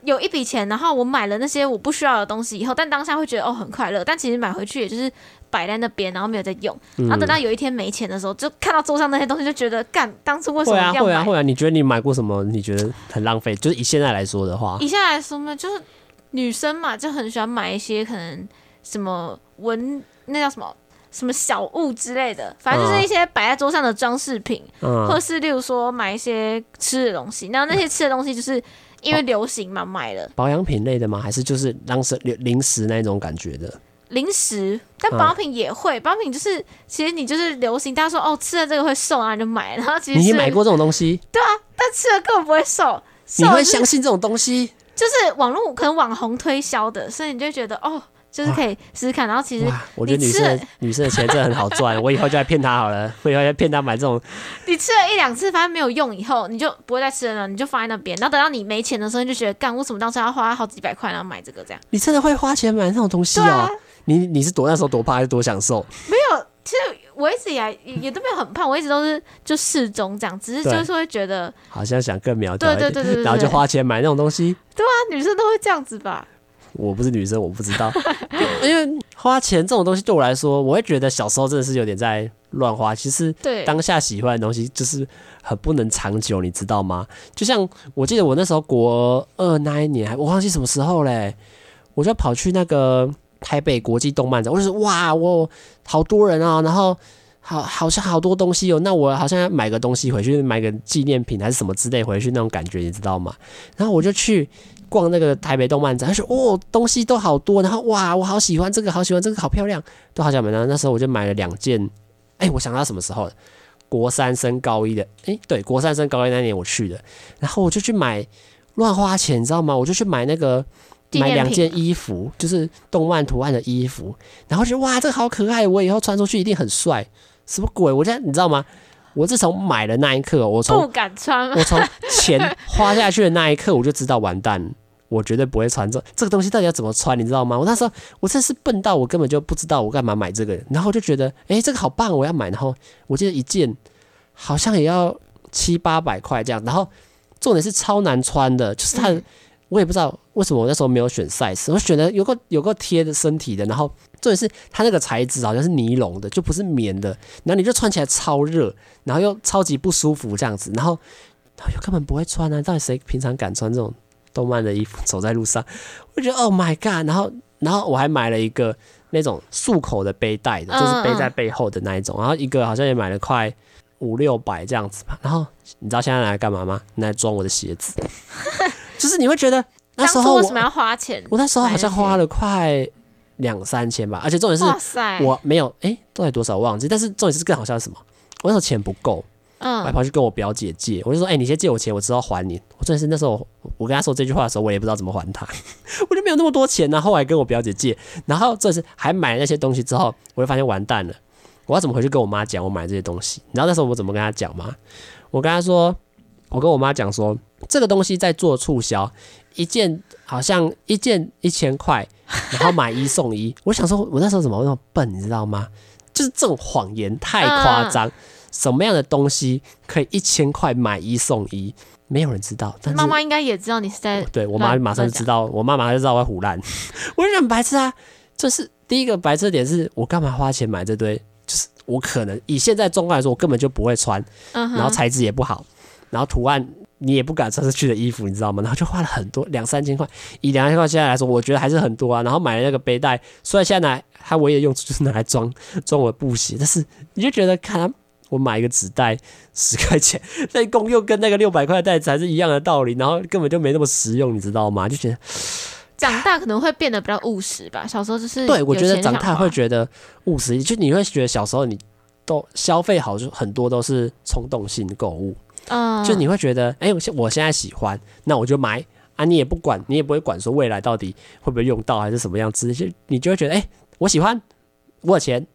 有一筆錢，然後我買了那些我不需要的東西，以後，但當下會覺得哦，很快樂，但其實買回去也就是擺在那邊，然後沒有在用，嗯、然後等到有一天沒錢的時候，就看到桌上那些東西，就覺得幹，當初為什麼要買？會啊會啊，會啊，你覺得你買過什麼？你覺得很浪費？就是以現在來說的話，以現在來說呢，就是女生嘛，就很喜歡買一些可能什麼文那叫什麼什麼小物之類的，反正就是一些擺在桌上的裝飾品，嗯、或是例如說買一些吃的東西，然後那些吃的東西就是。因為流行嘛，買了、哦、保養品類的嗎？還是就是當時零食那種感覺的零食？但保養品也會，啊、保養品就是其實你就是流行，大家說哦，吃了這個會瘦啊，你就買。然後其實你也買過這種東西，對啊，但吃了根本不會瘦。瘦就是、你會相信這種東西？就是網絡可能網紅推銷的，所以你就會覺得哦。就是可以試試看，哇然後其實我覺得女生女生的錢真的很好賺， 我以後就來騙她好了，我以後要騙她買這種。你吃了一兩次，發現沒有用，以後你就不會再吃了，你就放在那邊，然後等到你沒錢的時候，你就覺得幹，為什麼當時要花好幾百塊然後買這個？這樣你真的會花錢買那種東西哦？啊、你你是多那時候多胖，還是多享受？沒有，其實我一直以來也都沒有很胖，我一直都是就適中這樣，只是就是會覺得好像想更苗條一點，然後就花錢買那種東西。對啊，女生都會這樣子吧。我不是女生，我不知道， 因為花錢這種東西對我來說，我會覺得小時候真的是有點在亂花。其實，對當下喜歡的東西，就是很不能長久，你知道嗎？就像我記得我那時候國二那、呃、一年，我忘記什麼時候嘞，我就跑去那個台北國際動漫展，我就說、是、哇，我好多人啊，然後好好像好多東西哦，那我好像要買個東西回去，買個紀念品還是什麼之類回去那種感覺，你知道嗎？然後我就去。逛那個台北動漫展，他說：“哦，東西都好多，然後哇，我好喜歡這個，好喜歡這個，好漂亮，都好想買。”然後那時候我就買了兩件。哎，我想到什麼時候了？國三升高一的，哎，對，國三升高一那年我去的，然後我就去買亂花錢，你知道嗎？我就去買那個買兩件衣服，啊、就是動漫圖案的衣服，然後就哇，這個好可愛，我以後穿出去一定很帥。什麼鬼？我現在你知道嗎？我自從買了那一刻，我從不敢穿。我從錢花下去的那一刻，我就知道完蛋，我絕對不會穿這這個東西。到底要怎麼穿，你知道嗎？我那時候我真是笨到我根本就不知道我幹嘛買這個。然後我就覺得，誒，這個好棒，我要買。然後我記得一件好像也要七八百塊這樣。然後重點是超難穿的，就是它，我也不知道。為什麼我那時候沒有選 size，我選的有個有個貼着身體的，然後重點是它那個材質好像是尼龍的，就不是棉的，然後你就穿起來超熱，然後又超級不舒服這樣子，然後,然後又根本不會穿啊！到底誰平常敢穿這種動漫的衣服走在路上？我覺得 Oh my god！然後然後我還買了一個那種束口的背帶的，嗯嗯就是背在背後的那一種，然後一個好像也買了快五六百這樣子吧。然後你知道現在來幹嘛嗎？來裝我的鞋子， 就是你會覺得。那時候我為什麼要花錢我？我那時候好像花了快兩三千吧，而且重點是，我沒有誒塞、欸，到底多少我忘記。但是重點是更好笑是什麼？我那時候錢不夠，嗯，我還跑去跟我表姐借。我就說，誒、欸，你先借我錢，我只好還你。我重點是那時候我跟她說這句話的時候，我也不知道怎麼還她， 我就沒有那麼多錢呢。然後，後來跟我表姐借，然後這次還買了那些東西之後，我就發現完蛋了。我要怎麼回去跟我媽講我買了這些東西？你知道那時候我怎麼跟她講嗎？我跟她說，我跟我媽講說。這個東西在做促銷，一件好像一件一千塊，然後買一送一。 我想說，我那時候怎麼那麼笨，你知道嗎？就是這種謊言太誇張。Uh, 什麼樣的東西可以一千塊買一送一？沒有人知道。但是媽媽應該也知道你是在對我媽,媽馬上就知道，講我媽媽就知道我唬爛。 我也很白痴啊，就是第一個白痴點是。是我幹嘛花錢買這堆？就是我可能以現在狀況來說，我根本就不會穿。Uh huh. 然後材質也不好，然後圖案。你也不敢穿出去的衣服，你知道嗎？然後就花了很多兩三千塊，以兩三千塊現在來說，我覺得還是很多啊。然後買了那個背帶，雖然現在還我也用就是拿來裝裝我的布鞋，但是你就覺得看我買一個紙袋十塊錢，那一共又跟那個六百塊的袋子還是一樣的道理，然後根本就沒那麼實用，你知道嗎？就覺得長大可能會變得比較務實吧。小時候就是就對我覺得長大會覺得務實，就你會覺得小時候你都消費好就很多都是衝動性購物。啊，就你會覺得，哎、欸，我現我現在喜歡，那我就買啊，你也不管，你也不會管說未來到底會不會用到還是什麼樣子，你就會覺得，哎、欸，我喜歡，我有錢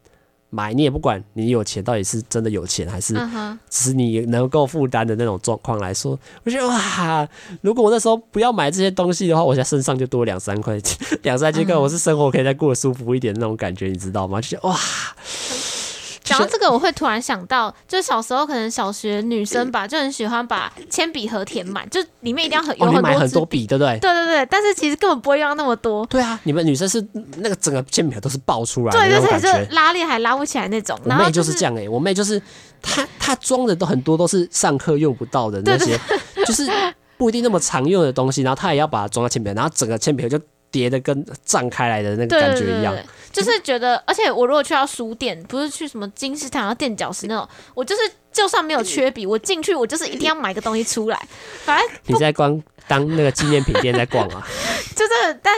買，你也不管，你有錢到底是真的有錢還是只是你能夠負擔的那種狀況來說，我覺得哇，如果我那時候不要買這些東西的話，我現在身上就多兩三塊錢，兩三千塊，我是生活可以再過得舒服一點的那種感覺，你知道嗎？就是哇。然後這個我會突然想到，就小時候可能小學女生吧，就很喜歡把鉛筆盒填滿，就裡面一定要很有很多、哦、你買很多筆，對不對？對對對，但是其實根本不會用到那麼多。對啊，你們女生是那個整個鉛筆盒都是爆出來的對對對那種感覺，就拉鏈還拉不起來那種。我妹就是這樣哎、欸，就是、我妹就是她，她裝的都很多都是上課用不到的那些，對對對就是不一定那麼常用的東西，然後她也要把它裝到鉛筆盒，然後整個鉛筆盒就疊的跟綻開來的那個感覺一樣。對對對對對就是覺得，而且我如果去到書店，不是去什麼金石堂墊腳石那種，我就是就算沒有缺筆，我進去我就是一定要買個東西出來。反正你在逛不 當那個紀念品店在逛啊， 就是但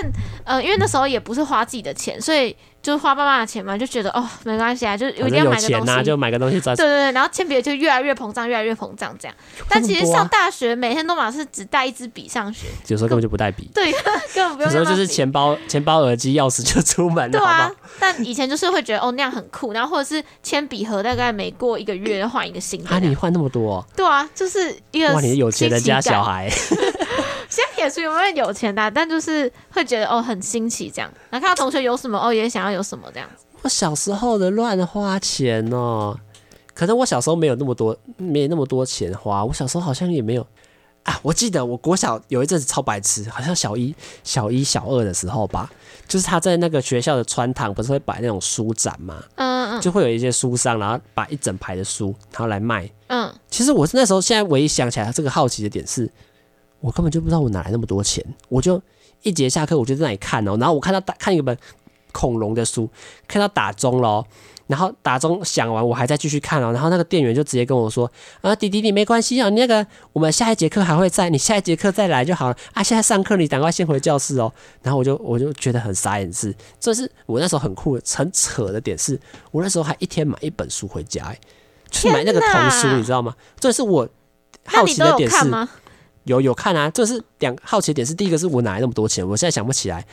呃，因為那時候也不是花自己的錢，所以。就花爸爸媽媽錢嘛，就覺得哦沒關係啊，就是我一定要買個東西，啊啊、就買個東西。對對對，然後鉛筆就越來越膨脹，越來越膨脹這樣。但其實上大學、啊、每天都嘛是只帶一支筆上學，有時候根本就不帶筆。對、啊，根本不用。有時候就是錢包、錢包耳、耳機、鑰匙就出門，對啊，好好但以前就是會覺得哦那樣很酷，然後或者是鉛筆盒大概每過一個月換一個新的。啊，你換那麼多？對啊，就是一個、啊、那哇，你是有錢人家小孩。 現在也是有沒有有錢的、啊？但就是會覺得哦很新奇這樣。然後看到同學有什麼哦也想要有。有什麼這樣子？我小時候的亂花錢喔，可能我小時候沒有那麼多，沒有那麼多錢花。我小時候好像也沒有啊。我記得我國小有一陣子超白痴，好像小一、小一、小二的時候吧，就是他在那個學校的穿堂不是會擺那種書展嘛，嗯嗯就會有一些書商，然後擺一整排的書，然後來賣，嗯。其實我是那時候，現在唯一想起來這個好奇的點是，我根本就不知道我哪來那麼多錢，我就一節下課我就在那裡看喔，然後我看到看一本，恐龍的書，看到打鐘了、喔，然後打鐘響完，我還在繼續看哦、喔。然後那個店員就直接跟我說：“啊，弟弟，你沒關係啊、喔，你那個我們下一節課還會在，你下一節課再來就好了啊。”現在上課，你趕快先回教室哦、喔。然後我就我就覺得很傻眼是，這是我那時候很酷很扯的點是，我那時候還一天買一本書回家，欸，去、就是、買那個童書，你知道嗎？這是我好奇的點是，有看有，有看啊？這是兩好奇的點是，第一個是我哪來那麼多錢？我現在想不起來，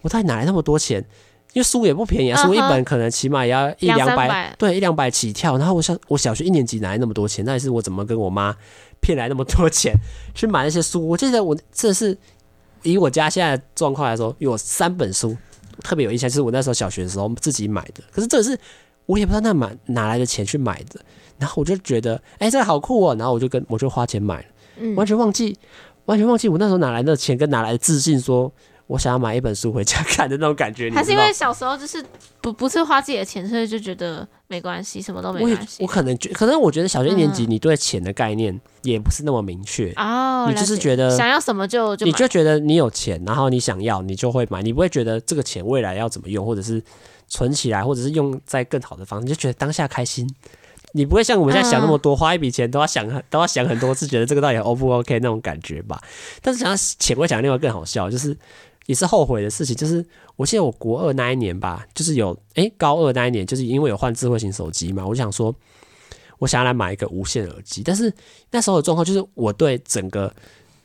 我到底哪來那麼多錢？因為書也不便宜啊，uh-huh, 書一本可能起碼也要一兩百，對，一兩百起跳。然後我想，我小學一年級哪來那麼多錢？那也是我怎麼跟我媽騙來那麼多錢去買那些書？我記得我這是以我家現在狀況來說，有三本書特別有印象，就是我那時候小學的時候自己買的。可是這是我也不知道那買哪來的錢去買的。然後我就覺得，欸，這個好酷哦！然後我就跟我就花錢買了，完全忘記，嗯，完全忘記我那時候哪來的錢跟哪來的自信說。我想要買一本書回家看的那種感覺，還是因為小時候就是不不是花自己的錢，所以就覺得沒關係，什麼都沒關係。我可能覺，可能我覺得小學一年級你對錢的概念也不是那麼明確、嗯、哦，你就是覺得想要什麼就，就你就覺得你有錢，然後你想要你就會買，你不會覺得這個錢未來要怎麼用，或者是存起來，或者是用在更好的方式，你就覺得當下開心。你不會像我們現在想那麼多，嗯、花一筆錢都要想都要想很多次， 覺得這個到底 O 不 OK 那種感覺吧。但是想要錢，我想要另外更好笑就是。也是後悔的事情，就是我記得我國二那一年吧，就是有哎、欸、高二那一年，就是因為有換智慧型手機嘛，我就想說，我想要來買一個無線耳機，但是那時候的狀況就是我對整個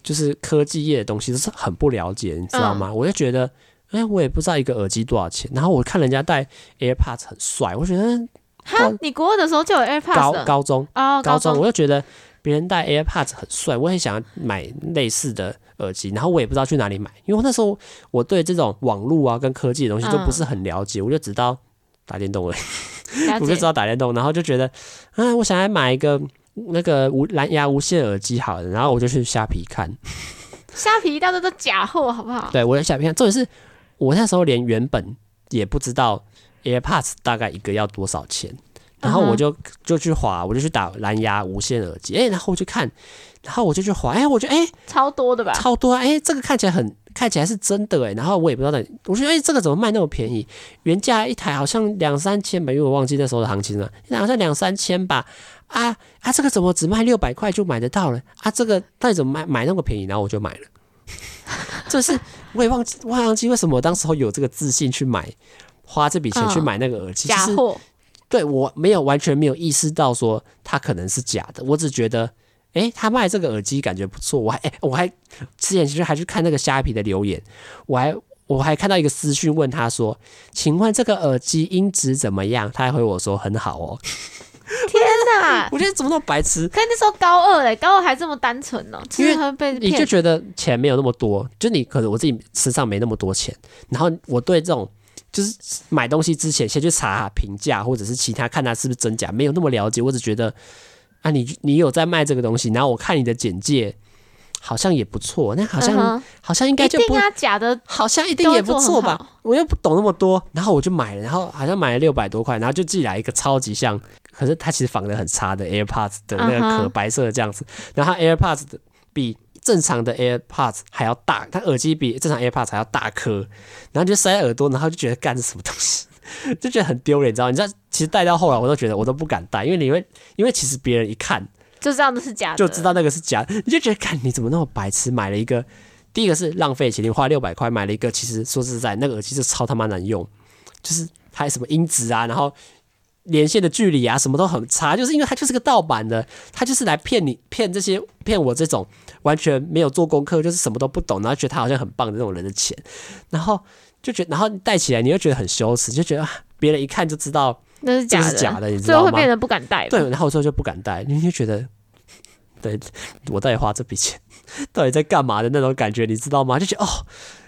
就是科技業的東西都是很不了解，你知道嗎？嗯、我就覺得哎、欸，我也不知道一個耳機多少錢，然後我看人家戴 AirPods 很帥。我覺得哈，你國二的時候就有 AirPods？高中哦，高中，我就覺得別人戴 AirPods 很帥，我很想要買類似的。耳機，然後我也不知道去哪裡買，因為那時候我對這種網絡啊跟科技的東西都不是很了解，嗯、我就知道打電動了，了解 我就知道打電動，然後就覺得，啊，我想要買一個那個無藍牙無線耳機，好的，然後我就去蝦皮看，蝦皮到處都假貨，好不好？對，我就蝦皮看，重點是我那時候連原本也不知道 AirPods 大概一個要多少錢？然後我就、嗯、哼就去滑，我就去打藍牙無線耳機，哎，然後我就看。然後我就去懷，哎，我覺得，哎，超多的吧，超多哎、啊，這個看起來很，看起來是真的、欸，哎，然後我也不知道那，我覺得，哎，這個怎麼賣那麼便宜？原價一台好像兩三千吧，因為我忘記那時候的行情了，那好像兩三千吧，啊啊，這個怎麼只賣六百塊就買得到了？啊，這個到底怎麼賣，買那麼便宜？然後我就買了，就 是我也忘記，忘記為什麼我當時候有這個自信去買，花這筆錢去買那個耳機，嗯、假貨，就是、對我沒有完全沒有意識到說它可能是假的，我只覺得。哎、欸，他賣這個耳機感覺不錯，我還、欸、我還之前其實還去看那個蝦皮的留言，我還我還看到一個私訊問他說，請問這個耳機音質怎麼樣？他還回我說很好哦、喔。天哪、啊！我覺得怎麼那麼白痴？可那時候高二誒，高二還這麼單純呢、喔，其實因為被你就覺得錢沒有那麼多，就你可能我自己身上沒那麼多錢，然後我對這種就是買東西之前先去查評價或者是其他看他是不是真假，沒有那麼了解，我只覺得。啊你，你你有在賣這個東西？然後我看你的簡介好像也不錯，那好像、嗯、哼好像應該就不，啊假的，好像一定也不錯吧？我又不懂那麼多，然後我就買了，然後好像買了六百多塊，然後就寄來一個超級像，可是它其實仿的很差的 AirPods 的、嗯、哼那個殼，白色的這樣子。然後它 AirPods 的比正常的 AirPods 還要大，它耳機比正常 AirPods 還要大顆，然後就塞耳朵，然後就覺得幹什麼東西。就覺得很丟臉，你知道？你知道？其實帶到後來，我都覺得我都不敢戴，因為你會，因為其實別人一看就知道那是假，就知道那個是假，你就覺得，看你怎麼那麼白痴，買了一個？第一個是浪費錢，你花六百塊買了一個，其實說實在，那個耳機就超他媽難用，就是有什麼音質啊，然後連線的距離啊，什麼都很差，就是因為它就是個盜版的，它就是來騙你，騙這些，騙我這種完全沒有做功課，就是什麼都不懂，然後覺得他好像很棒的那種人的錢，然後。就覺，然後你戴起來，你又覺得很羞恥，就覺得別人一看就知道那是假的，你知道嗎？所以會變得不敢戴。對，然後之後就不敢戴，你就覺得，對，我到底花這筆錢到底在幹嘛的那種感覺，你知道嗎？就覺得哦，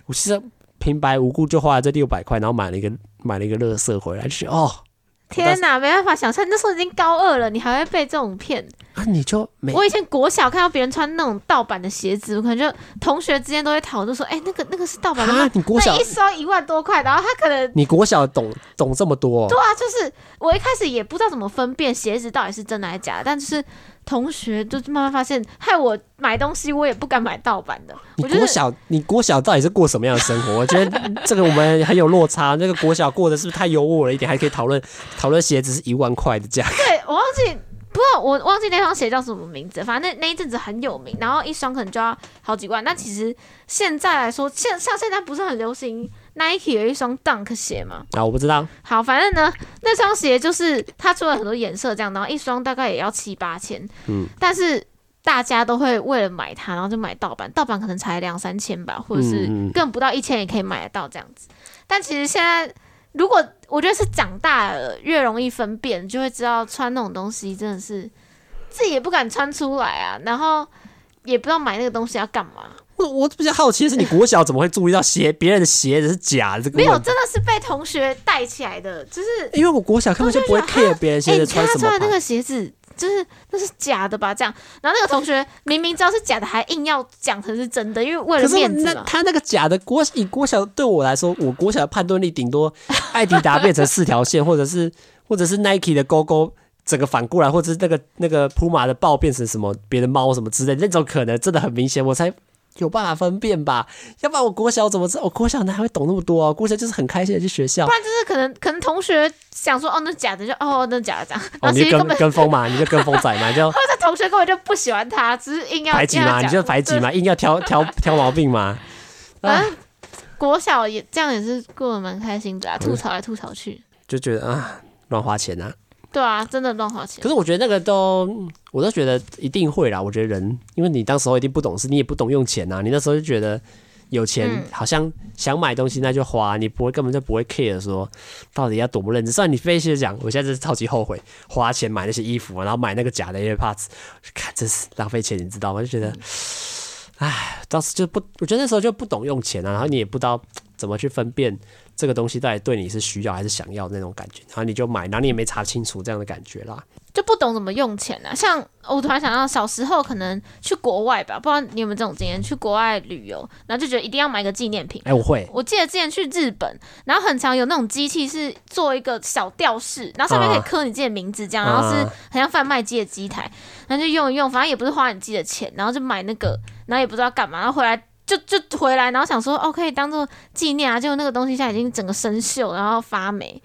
我其實平白無故就花了這六百塊，然後買了一個買了一個垃圾回來，就覺得哦，天哪，沒辦法想像，那時候已經高二了，你還會被這種騙？啊，你就沒我以前國小看到別人穿那種盜版的鞋子，我可能就同學之間都會討論說：“哎、欸，那個、那個、那個是盜版的嗎？啊、你國小那一雙一萬多塊。”然後他可能你國小懂懂這麼多，哦？對啊，就是我一開始也不知道怎麼分辨鞋子到底是真的還是假的，但就是同學就慢慢發現，害我買東西我也不敢買盜版的。就是，你國小，你國小到底是過什麼樣的生活？ 我覺得這個我們很有落差。那個國小過得是不是太優渥了一點？還可以討論討論鞋子是一萬塊的價？對我忘記。不，過我忘記那雙鞋叫什麼名字。反正那那一陣子很有名，然後一雙可能就要好幾萬。那其實現在來說，現像現在不是很流行。Nike 有一雙 Dunk 鞋嗎？啊，我不知道。好，反正呢，那雙鞋就是它出了很多顏色，這樣，然後一雙大概也要七八千。嗯。但是大家都會為了買它，然後就買盜版，盜版可能才兩三千吧，或者是更不到一千也可以買得到這樣子。嗯。但其實現在如果我覺得是長大了越容易分辨，就會知道穿那種東西真的是自己也不敢穿出來啊，然後也不知道買那個東西要幹嘛。我我比較好奇的是，你國小怎麼會注意到鞋別 人的鞋子是假的？沒有，很真的是被同學帶起來的，就是因為我國小根本就不會 care 別人，care 別人鞋子穿什麼款。就是那是假的吧？這樣，然後那個同學明明知道是假的，還硬要講成是真的，因為為了面子嘛。他那個假的國，以國小對我來說，我國小的判斷力頂多，艾迪達變成四條線 或，或者是或者是 Nike 的勾勾整個反過來，或者是那個那個 Puma 的豹變成什麼別的貓什麼之類，那種可能真的很明顯，我才。有辦法分辨吧？要不然我國小怎麼知道？我國小他還會懂那麼多喔？國小就是很開心的去學校。不然就是可能可能同學想說哦，那假的就哦，那假的這樣。哦，你就跟跟風嘛， 你就跟風仔嘛，你就。 或者同學根本就不喜歡他，只是硬要排擠嘛，你就排擠嘛，對硬要挑挑挑毛病嘛。 啊，國小也這樣也是過得蠻開心的啊，吐槽來吐槽去，Okay. 就覺得啊，亂花錢啊。對啊，真的亂花錢。可是我覺得那個都，我都覺得一定會啦。我覺得人，因為你當時候一定不懂事，你也不懂用錢啊。你那時候就覺得有錢好像想買東西那就花，嗯、你不會根本就不會 care 說到底要多不認真。雖然你分析講，我現在就是超級後悔花錢買那些衣服，啊，然後買那個假的 AirPods，看真是浪費錢，你知道嗎？我就覺得，唉，當時就不，我覺得那時候就不懂用錢啊，然後你也不知道怎麼去分辨。這個東西到底對你是需要還是想要的那種感覺，然後你就買，然後你也沒查清楚這樣的感覺啦，就不懂怎麼用錢啦。像我突然想到，小時候可能去國外吧，不知道你有沒有這種經驗，去國外旅遊，然後就覺得一定要買個紀念品。哎、欸，我會，我記得之前去日本，然後很常有那種機器是做一個小吊飾，然後上面可以刻你自己的名字這樣，然後是很像販賣機的機台，嗯、然後就用一用，反正也不是花你自己的錢，然後就買那個，然後也不知道幹嘛，然後回來。就就回來，然後想說，OK、哦、當做紀念啊。結果那個東西現在已經整個生鏽，然後發霉，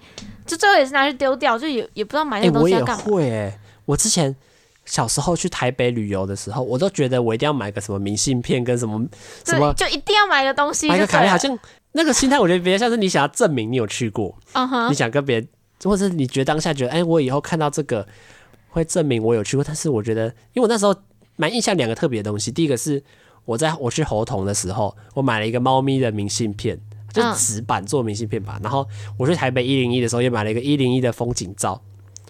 就最後也是拿去丟掉，就也也不知道買那個東西幹嘛。哎、欸，我也會、欸。哎，我之前小時候去台北旅遊的時候，我都覺得我一定要買個什麼明信片，跟什麼什麼對，就一定要買個東西，買個卡片。好像那個心態，我覺得比較像是你想要證明你有去過， 你想跟別人，或者你覺得當下覺得，哎、欸，我以後看到這個會證明我有去過。但是我覺得，因為我那時候蠻印象兩個特別的東西，第一個是。我在我去猴硐的時候，我買了一個貓咪的明信片，就是紙板做明信片吧。然後我去台北一零一的時候，也買了一個一零一的風景照。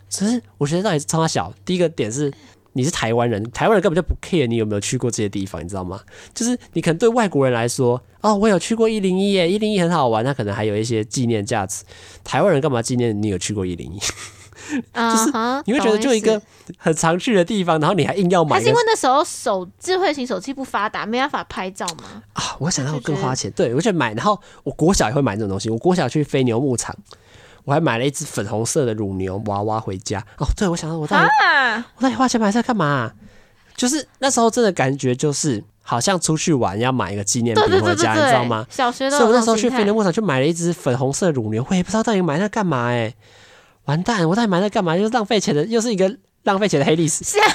所以我覺得那是超小。第一個點是，你是台灣人，台灣人根本就不 care 你有沒有去過這些地方，你知道嗎？就是你可能對外國人來說，哦，我有去過一零一耶，一零一很好玩，它可能還有一些紀念價值。台灣人幹嘛紀念你有去過一零一？就是， uh、huh, 你會覺得就一個很常去的地方，然後你還硬要買。還是因為那時候手智慧型手機不發達，沒辦法拍照嗎？啊，我想到我更花錢，就是、對，我去買。然後我國小也會買這種東西，我國小去飛牛牧場，我還買了一隻粉紅色的乳牛娃娃回家。哦，對，我想我到底哈我到底花錢買這幹嘛、啊？就是那時候真的感覺就是好像出去玩要買一個紀念品回家，你知道嗎？小學的時候，所以我那時候去飛牛牧場去買了一隻粉紅色乳牛，我也不知道到底買它幹嘛、欸，哎。完蛋！我到底買那幹嘛？又浪費錢的，又是一個浪費錢的黑歷史。是啊，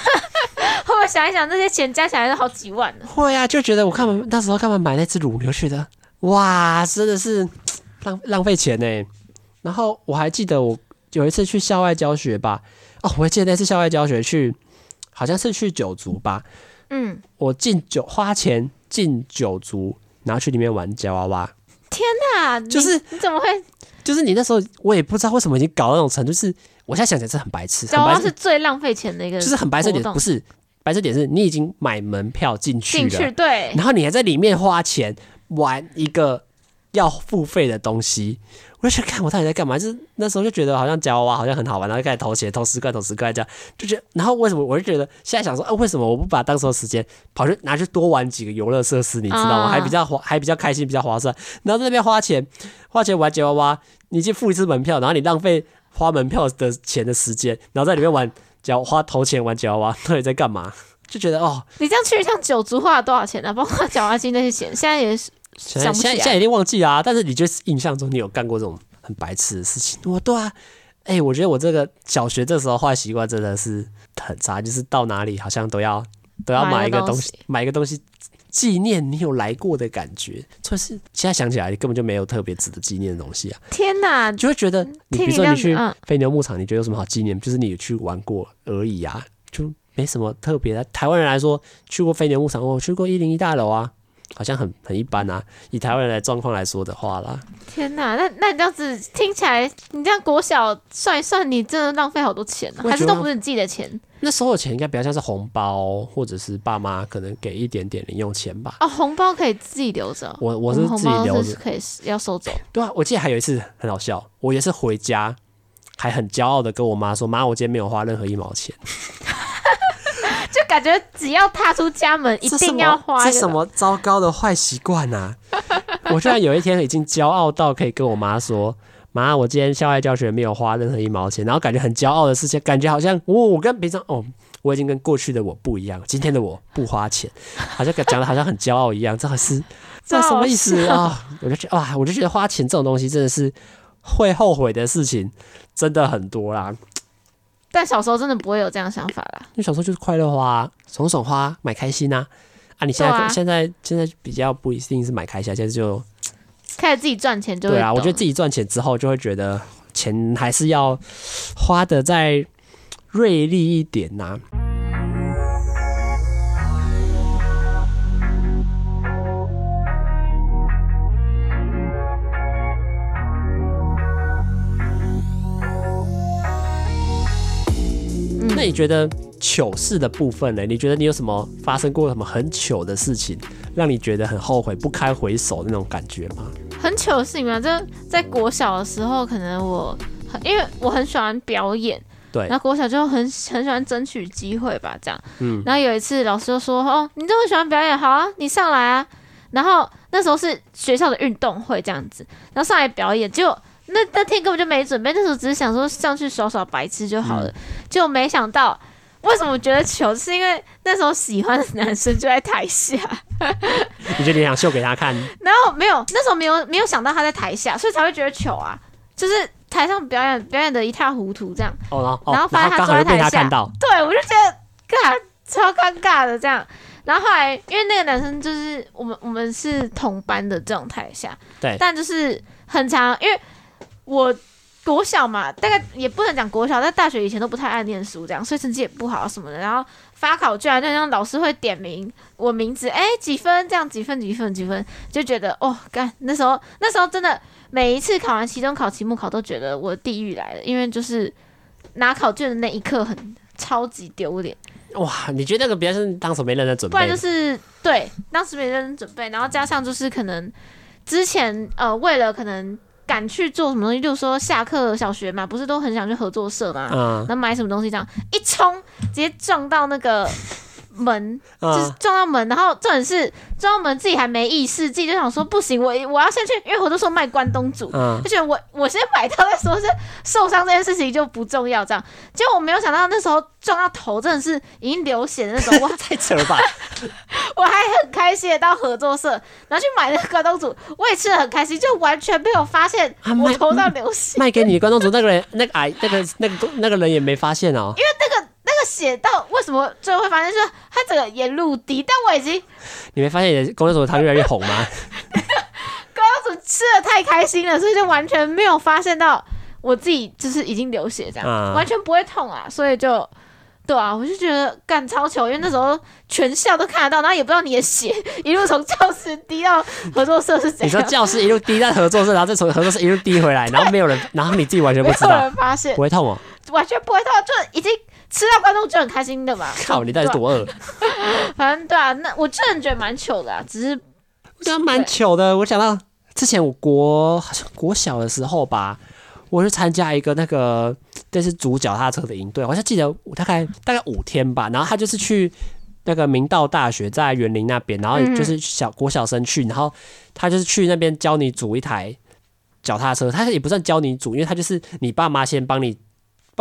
會不會想一想，這些錢加起來都好幾萬呢？會啊，就覺得我幹嘛那時候幹嘛買那隻乳牛，去的？哇，真的是浪浪費錢哎。然後我還記得我有一次去校外教學吧，哦，我還記得那次校外教學去，好像是去九族吧。嗯，我進九花錢進九族，然後去裡面玩夾娃娃。天哪、啊！就是你，你怎麼會？就是你那時候，我也不知道為什麼已經搞到那種程度。是，我現在想起來是很白痴。很白癡，是最浪費錢的一個，就是很白癡點，不是白癡點是，你已經買門票進去了，然後你還在裡面花錢玩一個。要付費的東西，我就去看我到底在幹嘛。就是那時候就覺得好像夾娃娃好像很好玩，然後就開始投錢，投十塊，投十塊這樣，就覺得然後為什麼我就覺得現在想說，哦，為什麼我不把當時的時間跑去拿去多玩幾個遊樂設施？你知道嗎？還比較划，還比較開心，比較划算。然後在那邊花錢，花錢玩夾娃娃，你去付一次門票，然後你浪費花門票的錢的時間，然後在裡面玩夾花投錢玩夾娃娃，到底在幹嘛？就覺得哦，你這樣去一趟像九族花了多少錢啊？包括夾娃娃機那些錢，現在也是。現在現在，現在一定忘記了、啊，但是你就是印象中你有幹過這種很白痴的事情？我對啊，哎、欸，我覺得我這個小學這時候壞習慣真的是很差，就是到哪裡好像都要都要買一個東西，買、東西、買一個東西，紀念你有來過的感覺。就是現在想起來，根本就沒有特別值得紀念的東西啊！天哪，就會覺得，你比如說你去飛牛牧場，你覺得有什麼好紀念？嗯、就是你去玩過而已啊，就沒什麼特別的。台灣人來說，去過飛牛牧場，我、哦、去過一零一大樓啊。好像很很一般啊，以台灣人的狀況來說的話啦。天哪，那那你這樣子聽起來，你這樣國小算一算，你真的浪費好多錢啊？還是都不是你自己的錢？那收的錢應該比較像是紅包，或者是爸媽可能給一點點零用錢吧？哦，紅包可以自己留着。我我是自己留着，我是可以要收走。對啊，我記得還有一次很好笑，我也是回家，還很驕傲的跟我媽說：“媽，我今天沒有花任何一毛錢。” 就感覺只要踏出家門，一定要花是什,什麼糟糕的壞習慣呢、啊？ 我居然有一天已經驕傲到可以跟我媽說：“媽，我今天校外教學沒有花任何一毛錢。”然後感覺很驕傲的事情，感覺好像、哦、我跟別人哦，我已經跟過去的我不一樣，今天的我不花錢，好像講的好像很驕傲一樣。 這還是這還什麼意思啊、哦？我就覺得哇，我就覺得花錢這種東西真的是會後悔的事情，真的很多啦。但小時候真的不會有這樣想法啦，因為小時候就是快樂花、啊、爽爽花、買開心吶、啊。啊，你現在現在、啊、現在比較不一定是買開心、啊，現在就開始自己賺錢就對啊。我覺得自己賺錢之後就會覺得錢還是要花得再銳利一點吶、啊。那你覺得糗事的部分呢？你覺得你有什麼發生過什麼很糗的事情，讓你覺得很後悔、不堪回首的那種感覺嗎？很糗事情啊，就在國小的時候，可能我很因為我很喜歡表演，對，然後國小就很很喜歡爭取機會吧，這樣，嗯，然後有一次老師就說：“哦，你這麼喜歡表演，好啊，你上來啊。”然後那時候是學校的運動會這樣子，然後上來表演，就。那那天根本就沒準備，那時候只是想說上去耍耍白痴就好了，就、嗯、沒想到為什麼覺得糗，是因為那時候喜歡的男生就在台下， 你覺得你想秀給他看，然後沒有，那時候沒有沒有想到他在台下，所以才會覺得糗啊，就是台上表演表演得一塌糊塗這樣，哦哦、然後發現他坐在台下，對我就覺得尬，超尷尬的這樣，然後後來因為那個男生就是我們我們是同班的這種台下，對，但就是很長，因為。我國小嘛，大概也不能講國小，在大學以前都不太愛念書，這樣，所以成績也不好、啊、什麼的。然後發考卷，就像老師會點名我名字，哎、欸，幾分這樣，幾分幾分幾分,幾分，就覺得哦，幹，那時候那時候真的每一次考完期中考、期末考都覺得我地獄來了，因為就是拿考卷的那一刻很超級丟臉。哇，你覺得那個別人是當時沒認真準備，不然就是對當時沒認真準備，然後加上就是可能之前呃為了可能。敢去做什麼東西，就是說下課，小學嘛，不是都很想去合作社嘛，那、嗯、買什麼東西，這樣一衝直接撞到那個。門，就是撞到門，嗯、然後重點是撞到門，自己還沒意識，自己就想說不行，我我要先去，因為我都說賣關東煮，嗯、而且我我先買到再說，是受傷這件事情就不重要，這樣。結果我沒有想到那時候撞到頭，真的是已經流血的那種，哇！太扯了吧， 我還很開心的到合作社，拿去買那個關東煮，我也吃的很開心，就完全沒有發現我頭上流血。賣、啊、給你關東煮那個人，那個矮那個那個那個人也沒發現哦，因為那個。血到為什麼最後會發現說、就是、他整個沿路滴，但我已經，你沒發現你的貢丸湯他越來越紅嗎？貢丸湯 吃的太開心了，所以就完全沒有發現到我自己就是已經流血這樣。嗯、完全不會痛啊，所以就對啊，我就覺得幹，超糗，因為那時候全校都看得到，然後也不知道你的血一路從教室滴到合作社是怎樣，你說教室一路滴到合作社，然後再從合作社一路滴回來，對然後沒有人，然後你自己完全不知道，沒有人發現，不會痛哦、喔，完全不會痛，就是、已經。吃到關東煮就很開心的嘛！靠，你到底多餓。對 反正對啊，那我真的覺得蠻糗的，啊，只是我蠻、啊、糗的。我想到之前我國好像國小的時候吧，我就參加一個那個，就是組腳踏車的營隊，我就記得我大概大概五天吧。然後他就是去那個明道大學在員林那邊，然後就是小國小生去，然後他就是去那邊教你組一台腳踏車，他也不算教你組，因為他就是你爸媽先幫你。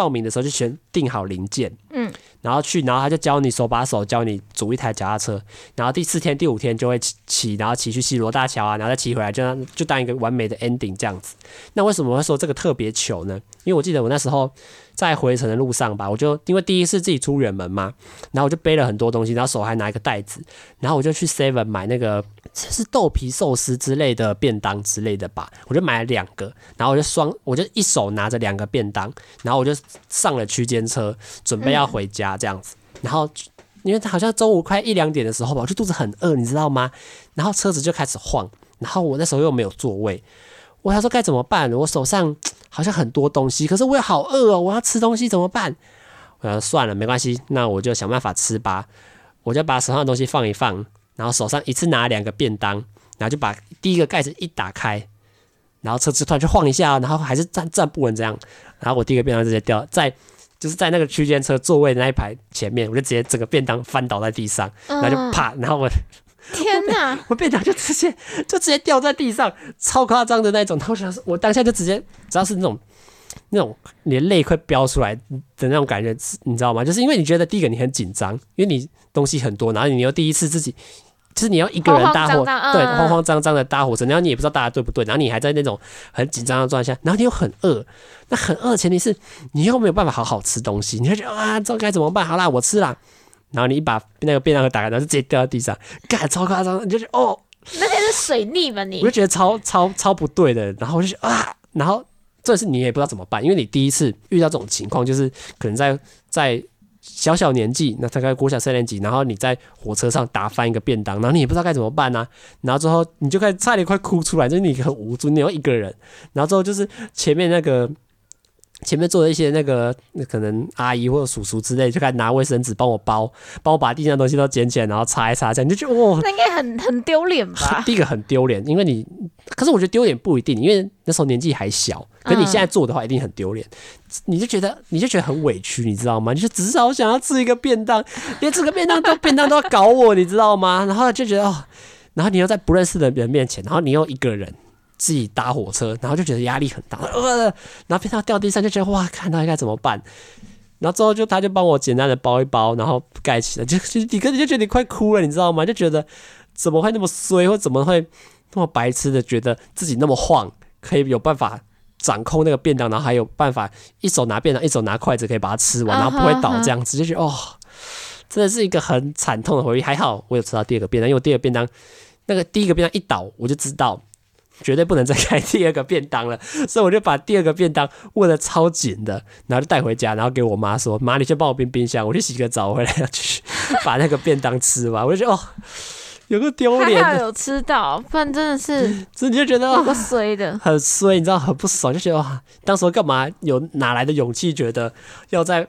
報名的時候就先定好零件，嗯，然後去，然後他就教你手把手教你組一台腳踏車，然後第四天、第五天就會騎，然後騎去西螺大橋啊，然後再騎回來就，就就當一個完美的 ending 這樣子。那為什麼會說這個特別糗呢？因為我記得我那時候在回程的路上吧，我就因為第一次自己出遠門嘛，然後我就背了很多東西，然後手還拿一個袋子，然後我就去 seven 買那個。這是豆皮壽司之類的便當之類的吧，我就買了兩個，然後我就雙，我就一手拿着兩個便當，然後我就上了區間車，準備要回家這樣子。然後，因為好像中午快一兩點的時候吧，我就肚子很餓，你知道嗎？然後車子就開始晃，然後我的手又沒有座位，我想說該怎麼辦？我手上好像很多東西，可是我也好餓哦，我要吃東西怎麼辦？我想說算了，沒關係，那我就想辦法吃吧，我就把手上的東西放一放。然後手上一次拿兩個便當，然後就把第一個蓋子一打開，然後車子突然就晃一下，然後還是站站不穩這樣，然後我第一個便當直接掉在，就是在那個區間車座位的那一排前面，我就直接整個便當翻倒在地上，然後就啪，然後我天哪我，我便當就直接就直接掉在地上，超誇張的那種。我想說我當下就直接，只要是那種那種，你的淚快飆出來的那種感覺，你知道嗎？就是因為你覺得第一個你很緊張，因為你東西很多，然後你又第一次自己。就是你要一個人搭火，對，慌慌張張的搭火車，然後你也不知道搭的對不對，然後你還在那種很緊張的狀態下，然後你又很餓，那很餓前提是你又沒有辦法好好吃東西，你就覺得啊，這該怎麼辦？好啦，我吃啦。然後你一把那個便當盒打開，然後直接掉在地上，幹，超誇張，你就覺得哦，那天是水逆吧？你，我就覺得超超超不對的，然後我就覺得啊，然後這是你也不知道怎麼辦，因為你第一次遇到這種情況，就是可能在在。小小年紀，那大概國小三年級，然後你在火車上打翻一個便當，然後你也不知道該怎麼辦呢、啊，然後之後你就快差點快哭出來，就是你很無助，你要一個人，然後之後就是前面那個。前面做的一些那個，那可能阿姨或者叔叔之類，就開始拿衛生紙幫我包，幫我把地上東西都撿起來，然後擦一擦這樣，你就覺得哦，哇那應該很很丟臉吧？第一個很丟臉，因為你，可是我覺得丟臉不一定，因為那時候年紀還小，可是你現在做的話一定很丟臉，嗯、你就覺得你就覺得很委屈，你知道嗎？你就只是好想要吃一個便當，連這個便當都 便當都要搞我，你知道嗎？然後就覺得哦，然後你要在不認識的人面前，然後你又一個人。自己搭火車，然後就覺得壓力很大，呃、然後便當掉地上就覺得哇，看到應該怎麼辦？然後之後就他就幫我簡單的包一包，然後蓋起來，就你可能就覺得你快哭了，你知道嗎？就覺得怎麼會那麼衰，或怎麼會那麼白痴的覺得自己那麼晃，可以有辦法掌控那個便當，然後還有辦法一手拿便當，一手拿筷子可以把它吃完，然後不會倒這樣子，就覺得哦，真的是一個很慘痛的回憶。還好我有吃到第二個便當，因為我第二個便當那個第一個便當一倒，我就知道。絕對不能再開第二個便當了，所以我就把第二個便當握得超緊的，然後就帶回家，然後給我媽說：“媽，你先幫我冰冰箱，我去洗個澡回來，去把那個便當吃完。” 我就覺得哦，有個丟臉，還好有吃到，不然真的是的，真的就覺得很衰的，很衰，你知道，很不爽，就覺得哇，當時候幹嘛有哪來的勇氣，覺得要在。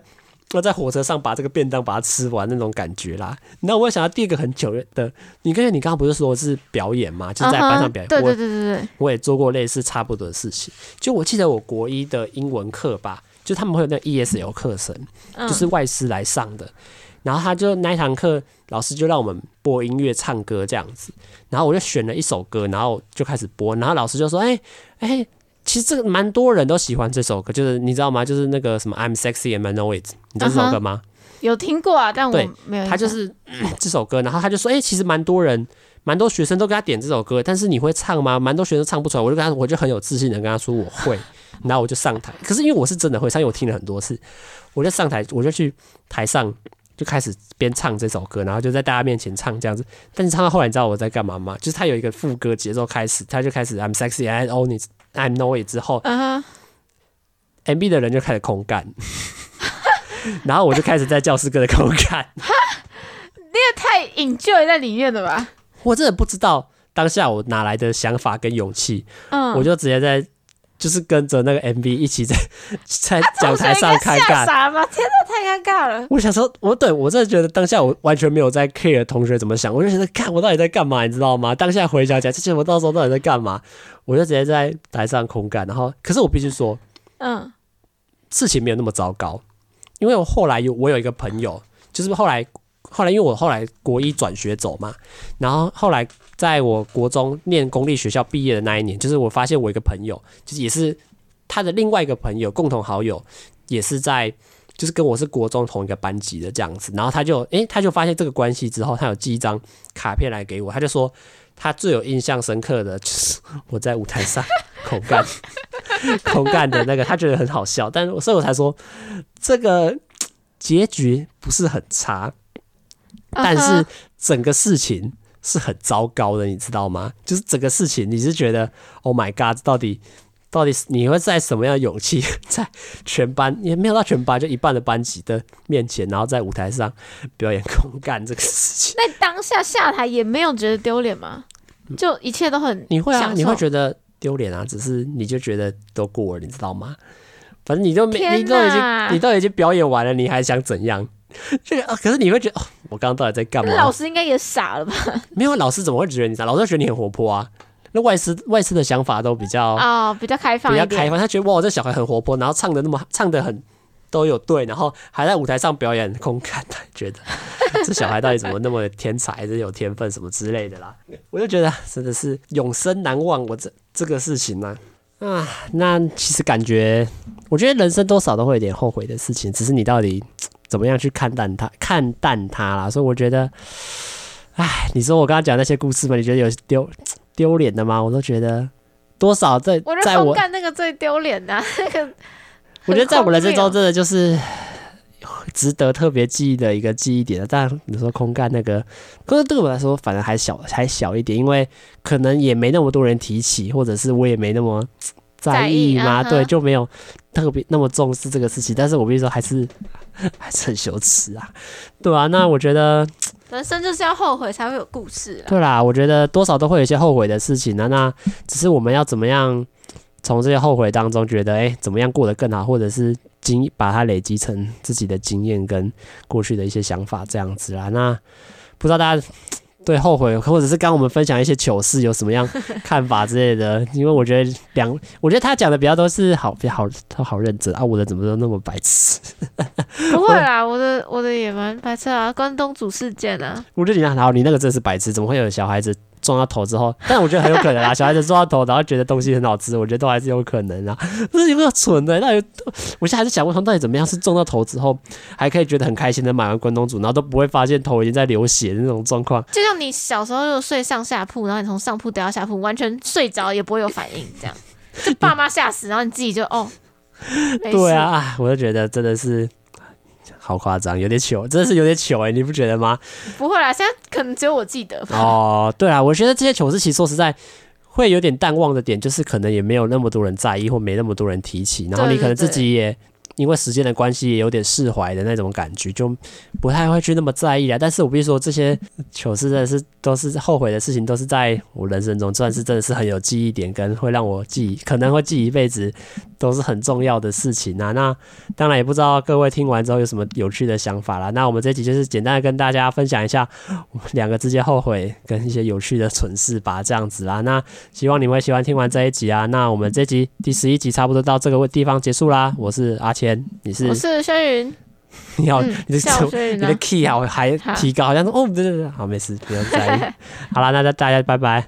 那在火車上把這個便當把它吃完那種感覺啦。那我想到第二個很久的，你剛才你剛剛不是說是表演嗎？就是在班上表演。對對對對對。我也做過類似差不多的事情。就我記得我國一的英文課吧，就他們會有那個 ESL 課程，就是外師來上的。然後他就那一堂課，老師就讓我們播音樂、唱歌這樣子。然後我就選了一首歌，然後就開始播。然後老師就說：“哎哎。”其實這個蠻多人都喜歡這首歌，就是你知道嗎？就是那個什麼 I'm sexy and I know it，你知道這首歌嗎？Uh-huh，有聽過啊，但我沒有。他就是、嗯、這首歌，然後他就說：“哎、欸，其實蠻多人，蠻多學生都給他點這首歌，但是你會唱嗎？蠻多學生唱不出來。”我就跟他，我就很有自信的跟他說：“我會。”然後我就上台，可是因為我是真的會唱，因為我聽了很多次，我就上台，我就去台上就開始邊唱這首歌，然後就在大家面前唱這樣子。但是唱到後來，你知道我在幹嘛嗎？就是他有一個副歌節奏開始，他就開始 I'm sexy and I know it。I'm knowing 之後、uh huh.，MB 的人就開始空幹， 然後我就開始在教室裡的空幹， 你也太 enjoy 在裡面了吧？我真的不知道當下我哪來的想法跟勇氣，uh huh. 我就直接在。就是跟着那個 MV 一起在在講台上開幹、啊，天哪，太尷尬了！我想說，我對我真的覺得當下我完全沒有在 care 同學怎麼想，我就想在看我到底在幹嘛，你知道嗎？當下回想起來，之前我到時候到底在幹嘛？我就直接在台上空幹。然後可是我必須說，嗯，事情沒有那麼糟糕，因為我後來有我有一個朋友，就是後來後來因為我後來國一轉學走嘛，然後後來。在我國中念公立學校畢業的那一年，就是我發現我一個朋友，就是也是他的另外一個朋友，共同好友，也是在就是跟我是國中同一個班級的這樣子。然後他就誒、欸，他就發現這個關係之後，他有寄一張卡片來給我，他就說他最有印象深刻的，就是我在舞台上口乾口乾的那個，他覺得很好笑。但我所以，我才說這個結局不是很差，但是整個事情。是很糟糕的，你知道嗎？就是整個事情，你是覺得，Oh my God，到底，到底你會在什麼樣的勇氣，在全班也沒有到全班，就一半的班級的面前，然後在舞台上表演空幹這個事情？那當下下台也沒有覺得丟臉嗎？就一切都很你會啊，你會覺得丟臉啊，只是你就覺得都過了，你知道嗎？反正你都沒，你都已經，天哪。你都已經表演完了，你還想怎樣？這、 哦、可是你會覺得，哦、我剛剛到底在幹嘛？老師應該也傻了吧？沒有，老師怎麼會覺得你傻？老師會覺得你很活潑啊。那外師外師的想法都比較啊、哦，比較開放，比較開放。他覺得哇，這小孩很活潑，然後唱的那麼唱的很都有對，然後還在舞台上表演，空看他覺得 這小孩到底怎麼那麼天才，還是有天分什麼之類的啦？我就覺得真的是永生難忘，我這這個事情呢啊，啊，那其實感覺，我覺得人生多少都會有點後悔的事情，只是你到底。怎麼樣去看淡它，看淡它啦。所以我覺得，哎，你說我剛剛講那些故事嘛，你覺得有丟丟臉的嗎？我都覺得多少在，在……我在空干那個最丟臉的，那個。我覺得在我們人生中，真的就是值得特別記憶的一個記憶點。但但你說空干那個，可是對我來說，反而還小，還小一點，因為可能也沒那麼多人提起，或者是我也沒那麼。在意嗎？意啊，對，就沒有特別那麼重視這個事情。但是我必須說，還是還是很羞恥啊，對啊，那我覺得，人生就是要後悔才會有故事啊。對啦，我覺得多少都會有一些後悔的事情那，啊，那只是我們要怎麼樣從這些後悔當中，覺得哎，欸，怎麼樣過得更好，或者是經把它累積成自己的經驗跟過去的一些想法這樣子啦。那不知道大家。對，後悔，或者是跟我們分享一些糗事，有什麼樣看法之類的？ 因為我覺得兩，我覺得他講的比較都是好，比較好，都好認真啊，我的怎麼都那麼白痴？不會啦，我的我的也蠻白痴啊，關東煮事件啊。我覺得你那，好，你那個真是白痴，怎麼會有小孩子？撞到頭之後，但我覺得很有可能啊，小孩子撞到頭，然後覺得東西很好吃， 我覺得都還是有可能啊。那有沒有蠢的、欸，那我現在還是想不通到底怎麼樣是撞到頭之後，還可以覺得很開心的買完關東煮，然後都不會發現頭已經在流血的那種狀況。就像你小時候就睡上下鋪，然後你從上鋪掉到下鋪，完全睡着也不會有反應，這樣就爸媽嚇死，然後你自己就 哦，對啊，我就覺得真的是。好誇張，有點糗，真的是有點糗誒，你不覺得嗎？不會啦，現在可能只有我記得。哦，對啊，我覺得這些糗事，其實說實在，會有點淡忘的點，就是可能也沒有那麼多人在意，或沒那麼多人提起，然後你可能自己也，對對對因為時間的關係，也有點釋懷的那種感覺，就不太會去那麼在意啦。但是我必須說，這些糗事真的是都是後悔的事情，都是在我人生中，算是真的是很有記憶點，跟會讓我記，可能會記一輩子，都是很重要的事情啊。那當然也不知道各位聽完之後有什麼有趣的想法啦。那我們這集就是簡單的跟大家分享一下，我們兩個之間後悔跟一些有趣的蠢事吧，這樣子啦。那希望你們會喜歡聽完這一集啊。那我們這集第十一集差不多到這個地方結束啦。我是阿謙。你是我是宣妘，你好，嗯、你的、就是啊、你的 key 啊，還提高，好像是哦，不是，好，沒事，不用在意， 好了，那大家拜拜。